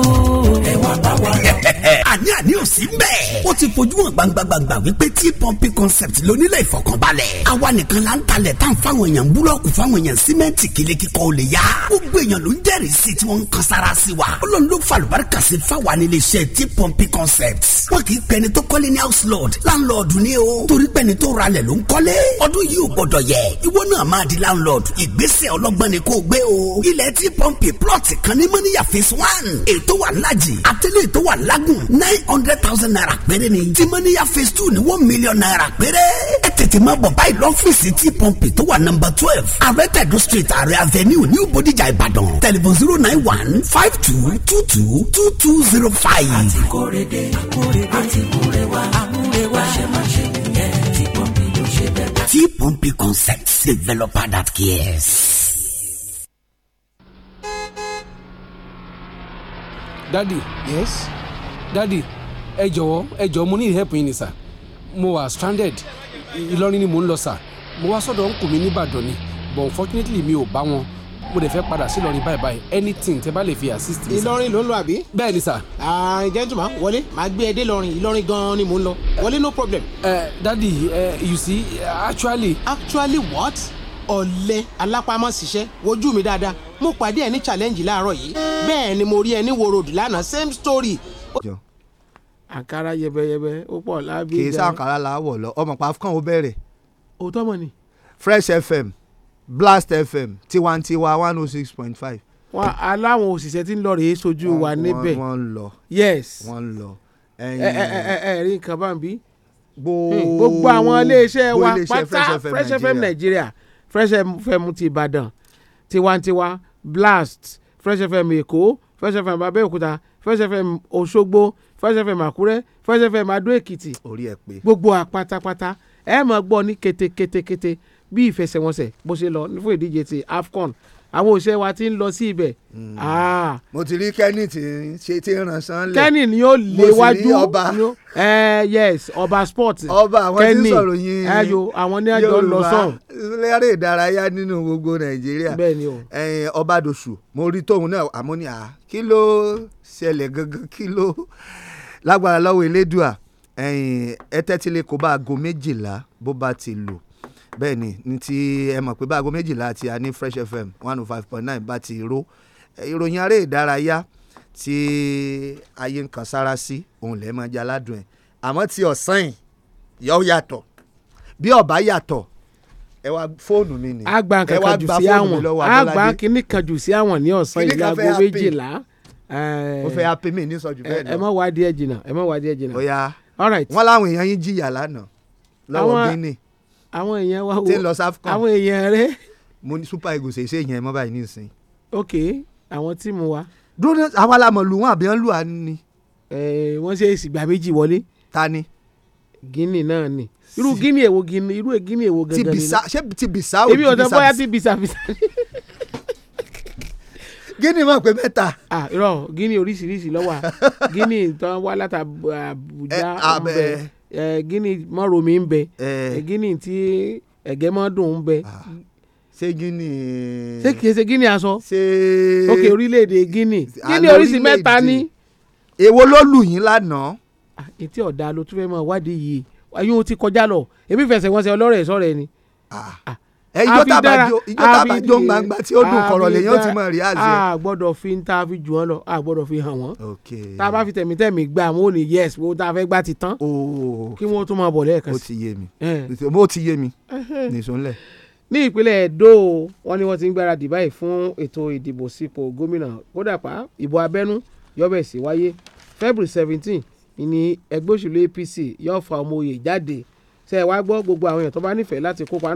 ẹ wá bá wa ra o. àní àní ò sí bẹ́ẹ̀. ó ti fojú hàn gbangbangba wípé tí pọ́ǹpì concept lónílẹ̀ ìfọ̀kànbalẹ̀. àwa nìkan la ń talẹ̀ tán fáwọn èèyàn búlọ́ọ̀kù fáwọn èèyàn símẹ́ǹtì kílé kíkọ́ ò lè yá. gbogbo èèyàn ló ń jẹ́rìí sí tí wọ́n ń kan sára sí wa. ọlọ́run ló falùbáríkà sí fáwa nílé iṣẹ́ tí pọ́ǹpì concept. wọ́n kì í pẹni tó kọ́lé ní house lord landlord ni o. torí pẹni tó ralẹ̀ ló ń kọ́lé. ọdún yìí ò gbọ́dọ̀ yẹ. ìwọ náà máa di landlord. ìgbésẹ̀ ọlọ́gbọ́n ni kò gbé o. ilẹ̀ tí pọ́ǹpì plọ̀tì kan ní mọ́níyà phase one ètò wà lájì àtẹlẹ́ ètò wà lágùn nine hundred thousand naira péré ni tí mọ́níyà phase two ní one million naira péré. ẹ tètè máa bọ̀ báyìí lọ́fíìsì tí pọ́ǹpì tó wà number twelve ààrẹ tẹ̀dú street ààrẹ avenue new bodijà ìbàdàn tẹlifon zero nine one five two two two two two zero five. àti kórede àmúrewa ṣe máa ṣe T Pompey Concepts, developer that cares. Daddy. Yes. Daddy, ẹ jọ̀wọ́ ẹ jọ̀ọ́ mo need help yín ni Mo wà stranded. Ìlọrin ni mo ń lọ sà. Mo wá sọ́dọ̀ ń kù ní Ìbàdàn ni. But unfortunately mi ò bá wọn mo dẹ̀ fẹ́ padà sí Ìlọrin báyìí báyìí anything tẹ́ bá lè fi assist mi. Ìlọrin ló ń lọ àbí. bẹ́ẹ̀ ni sà. ààrin jẹ́ntùmá wọlé màá gbé ẹ dé lọrin Ìlọrin gan-an ni mò ń lọ wọlé no problem. ẹ uh, dadi uh, you see actually. actually what? ọ̀lẹ alápámọ́síṣẹ́ wojú mi dáadáa mo pàdé ẹ ní challenge láàárọ̀ yìí bẹ́ẹ̀ ni mo rí ẹ ní wo road lánàá same story. àkàrà yẹbẹyẹbẹ ó pọ̀ lábí. kì í sàkàrà làwọ̀ lọ ọmọ pàfkàn ó bẹ̀rẹ̀. òótọ́ mọ̀ ni. Fresh FM blast fm tiwantiwa one oh six point five. wọn aláwọn òṣìṣẹ́ tí ń lọ rèé sojú wa níbẹ̀ wọ́n ń lọ yes wọ́n ń lọ. ẹ ẹ ẹ rí nǹkan bá ń bí. gbogbo hmm, àwọn iléeṣẹ́ wa pátá fresh fm nàìjíríà fresh fm ti ìbàdàn tiwantiwa blast fresh fm èkó fresh fm abẹ́òkúta fresh fm òṣogbo fresh fm àkúrẹ́ fresh fm adó èkìtì gbogbo àpátápátá ẹ máa gbọ́ ní kété kete kete bí ìfẹsẹ̀wọnsẹ̀ bó ṣe lọ fún ìdíje ti AFCON àwọn òṣìṣẹ́ wa ti ń lọ sí ibẹ̀. Hmm. Ah. mo ti rí kẹ́ni tí ṣe ti ràn sán lẹ̀ kẹ́ni ni ó léwájú eh, yes ọba sport ọba àwọn tí sọ̀rọ̀ yín eh, Yorùbá lẹ́rẹ̀ ìdárayá nínú gbogbo Nàìjíríà eh, ọba dòṣù mo rí tóun náà àmọ́ ní à kí ló ṣẹlẹ̀ gangan kí ló lágbára lọ́wọ́ elédùà ẹ tẹ́tílé kó bá aago méjìlá bó bá ti lù bẹ́ẹ̀ni ní ti ẹ mọ̀ pé báago méjìlá àti a ní Fresh FM one oh five point nine bá ti ró ìròyìn aré ìdárayá tí ayé ń kan sára sí òun lẹ́ẹ̀ máa jẹ́ aládùn ẹ̀ àmọ́ ti ọ̀sán yìí yọ yàtọ̀ bí ọ̀bá yàtọ̀ ẹ wá fóònù mi nì. àgbà kan kan jù sí àwọn àgbà kìíní kan jù sí àwọn ní ọ̀sán yìí láago méjìlá. mo fẹ́ apẹ́ mi ní sọ́jú bẹ́ẹ̀ lọ. ẹ má wá díẹ̀ jìnnà ẹ má wá díẹ̀ jìnnà. ó yá láwọn èèyàn yín jìyà lánàá lọ́wọ́ Guinea àwọn èèyàn wa wo àwọn èèyàn rẹ. mo ní super eagles ṣe iṣẹ́ yẹn mọ́ báyìí nísìnyí. ok àwọn tíìmù wa. dúró àwa la mọ̀ lù àbí wọ́n lù wá ni. ẹ wọ́n ṣe ìsìgbà méjì wọlé. ta ni. guinea náà ni irú guinea èwo guinea irú guinea èwo gangan ni. ṣé ti bisa o ti bisa. èmi ò sọ bóyá ti bisa bisa. guinea máa pè mẹ́ta. ah irọ́ guinea oríṣiríṣi lọ́wọ́ guinea tán wá láti Àbújá ọ̀bẹ. gíní mọ́rọ̀mí ń bẹ gíní tí ẹ̀gẹ́ mọ́ dùn ń bẹ. ṣé gíní. ṣé kìí ṣe gíní aṣọ. ṣé ok orílẹ̀-èdè gíní gíní oríṣi mẹ́ta ni. èwo ló lù yín lánàá. etí ọ̀dà ló tún fẹ́ mọ wádìí yìí ayé o ti kọjá lọ èmi fẹsẹ̀ wọn ṣe ọlọ́rẹ̀ sọ̀rọ̀ ẹni ẹ ijó tàbájó ijó tàbájó gbangba tí ó dùn kọ̀rọ̀ lèyàn ó ti mọ̀ rí àzẹ. a gbọ́dọ̀ fi ń ta fi jù wọ́n lọ a gbọ́dọ̀ fi hàn wọ́n. tá a bá fi tẹ̀mítẹ̀mí gbà wọn ò ní yes wo tá a fẹ́ gbà ti tán. Oh. kí wọ́n tún máa bọ̀ lẹ́ẹ̀kan sí. ó ti yé mi ó ti yé mi nìṣó ńlẹ̀. ní ìpínlẹ̀ Edo wọn ni wọ́n ti ń gbáradì báyìí fún ètò ìdìbò sípò gómìnà kódà pa ìbò abẹ́nú yọ́bẹ̀ sí wáyé February seventeen ni ẹgbẹ́ APC yóò fa ọmọ òye jáde ṣe é wá gbọ́ gbogbo àwọn èèyàn tó bá nífẹ̀ẹ́ láti kópa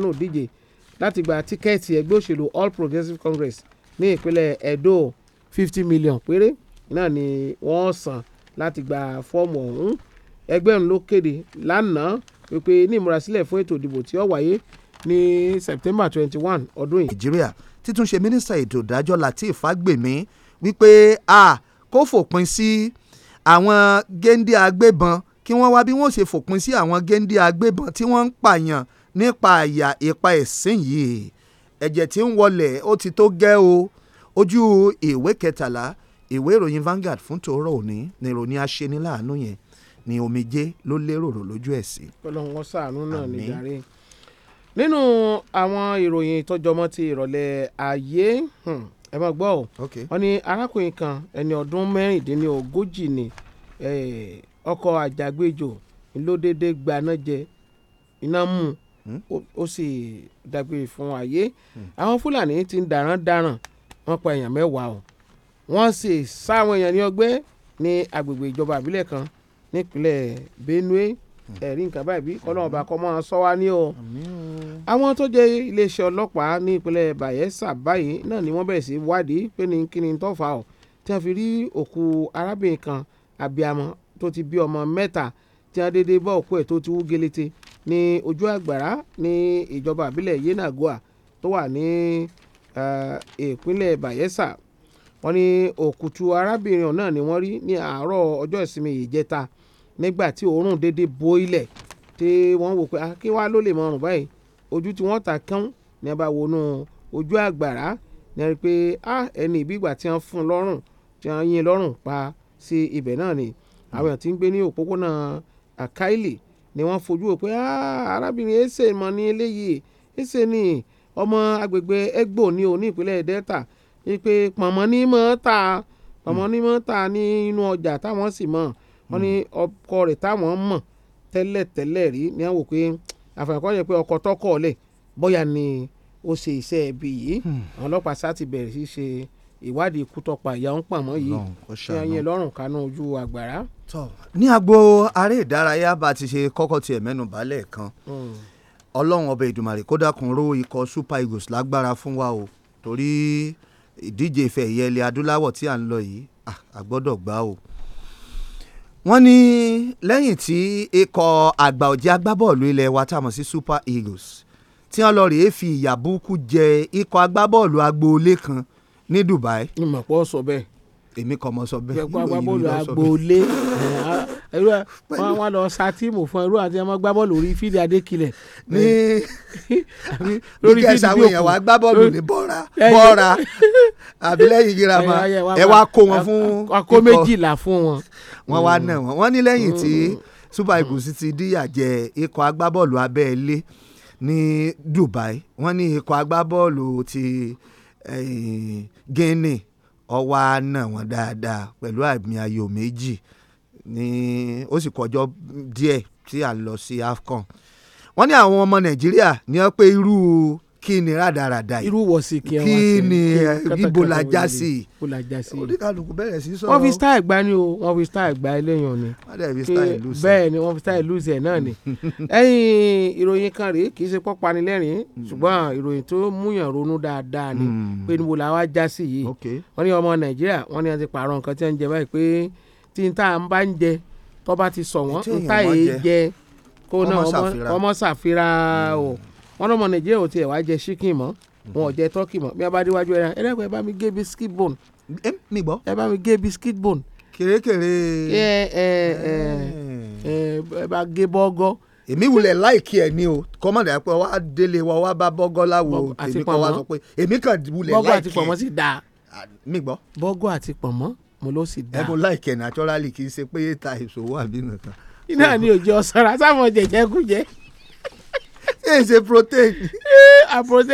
láti gba tíkẹ́ẹ̀tì ẹgbẹ́ òṣèlú All progressive Congress ní ìpínlẹ̀ Edo fifty million péré náà ni wọ́n san láti gba fọ́ọ̀mù ọ̀hún ẹgbẹ́ òun ló kéde lánàá wípé ní ìmúrasílẹ̀ fún ètò ìdìbò tí ó wáyé ní September twenty one ọdún yìí. Nàìjíríà títún ṣe mínísítà ètò ìdájọ́ Lateef Fagbemi wípé a kó fòpin sí àwọn géńdé agbébọn kí wọ́n wá bí wọ́n ṣe fòpin sí àwọn géńdé agbébọn tí wọ́n ń pààyàn nípa àyà ìpa ẹ̀sìn yìí ẹ̀jẹ̀ tí ń wọlẹ̀ ó ti tó gẹ́ o ojú ìwé kẹtàlá ìwé ìròyìn Vanguard fún tòórọ́ òní ni ìròyìn aṣeniláàánú yẹn ni omijé ló lérò lójú ẹ̀ sí. ọlọ́run wọn ṣàánú náà nìjàre nínú àwọn ìròyìn tọjọmọ ti ìrọ̀lẹ́ ayé hmm, ẹ máa gbọ́ ọ wọn ni arákùnrin kan ẹni ọdún mẹ́rìndínlógójì ni eh, ọkọ̀ àjàgbéjò ló déédéé gbaná jẹ iná mú un Hmm? ó sì dágbére fún ayé àwọn fúlàní ti ń dàrán dàrán wọ́n pa èèyàn mẹ́wàá o wọ́n sì sá àwọn èèyàn ní ọgbẹ́ ní agbègbè ìjọba àbílẹ̀ kan nípínlẹ̀ Benue hmm. ẹ̀rí nǹkan báyìí bí kọ́lọ́run hmm. ọba kọ́ máa sọ wá ní o. àwọn tó jẹ́ iléeṣẹ́ ọlọ́pàá ní ìpínlẹ̀ Bayelsa báyìí náà ni wọ́n bẹ̀rẹ̀ sí wádìí pé ní kíni tó fà ó tí wọ́n fi rí òkú arábìnrin kan abiyamọ tó ti bí ọmọ mẹ́ta tí wọ́n déédéé bá òkú ẹ̀ tó ti wú gélété ní ojú àgbàrá ní ìjọba àbílẹ̀ yenagoa tó wà ní ìpínlẹ̀ bayelsa wọ́n ní òkùtù arábìnrin náà ni wọ́n rí ní àárọ̀ ọjọ́ ìsinmi ìjẹta nígbà tí òórùn déédéé bo ilẹ̀ tí wọ́n wò pé ah, kí wàá ló lè mọrùn báyìí ojú tí wọ́n ta kán ní a bá wọnú ojú àgbàrá ní a rí pé ah, ẹni ìbí tí wọ́n fún lọ́rùn tí wọ́n yín lọ́rùn pa sí ibẹ̀ náà ni àwọn èèyàn ti ń gbé ní òpópónà àkáìlì ni wọ́n fojú wò pé ah, arábìnrin eze mọ̀ ní eléyìí eze ni ọmọ agbègbè Egbo ní òní ìpínlẹ̀ Delta wípé pọ̀nmọ́ ní mọ́ ta pọ̀nmọ́ ní mọ́ ta ní inú ọjà táwọn sì mọ̀ wọ́n ní hmm. ọkọ rẹ̀ táwọn mọ̀ tẹ́lẹ̀tẹ́lẹ̀ rí ni wọ́n wò pé àfàkọ́ yẹ pé ọkọ̀ tọkọ̀ lẹ̀ bóyá ni ó ṣe iṣẹ́ ẹbí yìí hmm. àwọn ọlọ́pàá sá ti bẹ̀rẹ̀ sí ṣe ìwádìí ikú tọpa ìyá ń pàmò yìí ṣe ẹyin lọ́rùn kanú ojú àgbàrá ní agbo aré ìdárayá bá ti ṣe kọ́kọ́ tiẹ̀ mẹ́nu balẹ̀ kan hmm. ọlọ́run ọba ìdùmarè kó dákun ró ikọ̀ super eagles lágbára fún wa o torí ìdíje ìfẹ́ ẹ̀yẹ ilẹ̀ adúláwọ̀ tí à ń lọ yìí a gbọ́dọ̀ gbá o. wọ́n ní lẹ́yìn tí ikọ̀ àgbà ọ̀jẹ̀ agbábọ́ọ̀lù ilẹ̀ wa tá a mọ̀ sí super eagles tí wọ́n lọ rèé fi ìyà jẹ ikọ̀ agbábọ́ọ̀lù agboolé kan ní Dubai. ìmọ̀pọ̀ sọ bẹ́ẹ̀ èmi kò mọ sọ bẹ́ẹ̀ yóò yí mi lọ sọ bẹ́ẹ̀. wọ́n lọ sa tíìmù fún irú àti ọmọ gbá bọ́ọ̀lù orí fídíò adékilẹ̀. ní lórí fídíò àwọn èèyàn wá gbá bọ́ọ̀lù ní bọ́ra bọ́ra àbí lẹ́yìn girama ẹ wá kó wọn fún ikọ̀ akó méjìlá fún wọn. wọ́n wá nà wọ́n wọ́n ní lẹ́yìn tí mm. super eagles ti díyà jẹ ikọ̀ agbábọ́ọ̀lù abẹ́ ní Dubai wọ́n ní ikọ̀ agbábọ́ọ̀lù ti eh, Guinea ọwọ́ á nà wọ́n dáadáa pẹ̀lú àmì ayò méjì ní ó sì kọjọ́ díẹ̀ tí a lọ sí AFCON wọ́n ní àwọn ọmọ Nàìjíríà ní wọ́n pé irú kí ni rádaràda yìí irú wọ̀sí kí ẹ wá sí kí ni ibo la já sí i oníkàlùkù bẹ̀rẹ̀ sí sọ̀rọ̀. wọ́n fi style gbá ni o wọ́n fi style gbá eléyàn ni bẹ́ẹ̀ ni wọ́n fi style lose ẹ̀ náà ni ẹ̀yìn ìròyìn kan rèé kì í ṣe pọ́ panilẹ́rìn hmm. ṣùgbọ́n ìròyìn tó múyàn ronú dáadáa ni hmm. pé níbo la wá já sí yìí wọ́n ní ọmọ nàìjíríà wọ́n ní a ti pààrọ̀ nǹkan tí wọ́n ń jẹ báyìí pé tí n tá ń bá ń jẹ tọ́ bá ti sọ wọ́n n tá èé jẹ kó náà ọmọ ṣàfihàn o. Mm wọ́n lọ́mọ nàìjíríà ò tiẹ̀ wá jẹ ṣíkìn mọ́ mhm. wọn ò jẹ tọ́kì mọ́ bí a bá déwájú ẹran ẹ dẹ́kun ẹ bá mi gé biscuit bone. ẹ mi gbọ́. ẹ bá mi gé biscuit bone. kèrèkèrè. ẹ ẹ ẹ ẹ bá gé bọ́gọ́ èmi wulẹ̀ láìkí ẹ̀ ni o kọ́mọ̀dé pé wá délé wa wá bá bọ́gọ́ láwo èmi kan wá sọ pé èmi kan wulẹ̀ láìkí ẹ̀ bọ́gọ́ àti pọ̀mọ́ sì dáa. mi gbọ́. bọ́gọ́ àti pọ̀mọ́ mo ló sì dáa. ẹ mo láìkí ẹ̀ naturally kì í ṣe pé ta ìṣòwò àbí nìkan. iná ni òjò ọ̀sán Esse se protege, É, a proteína.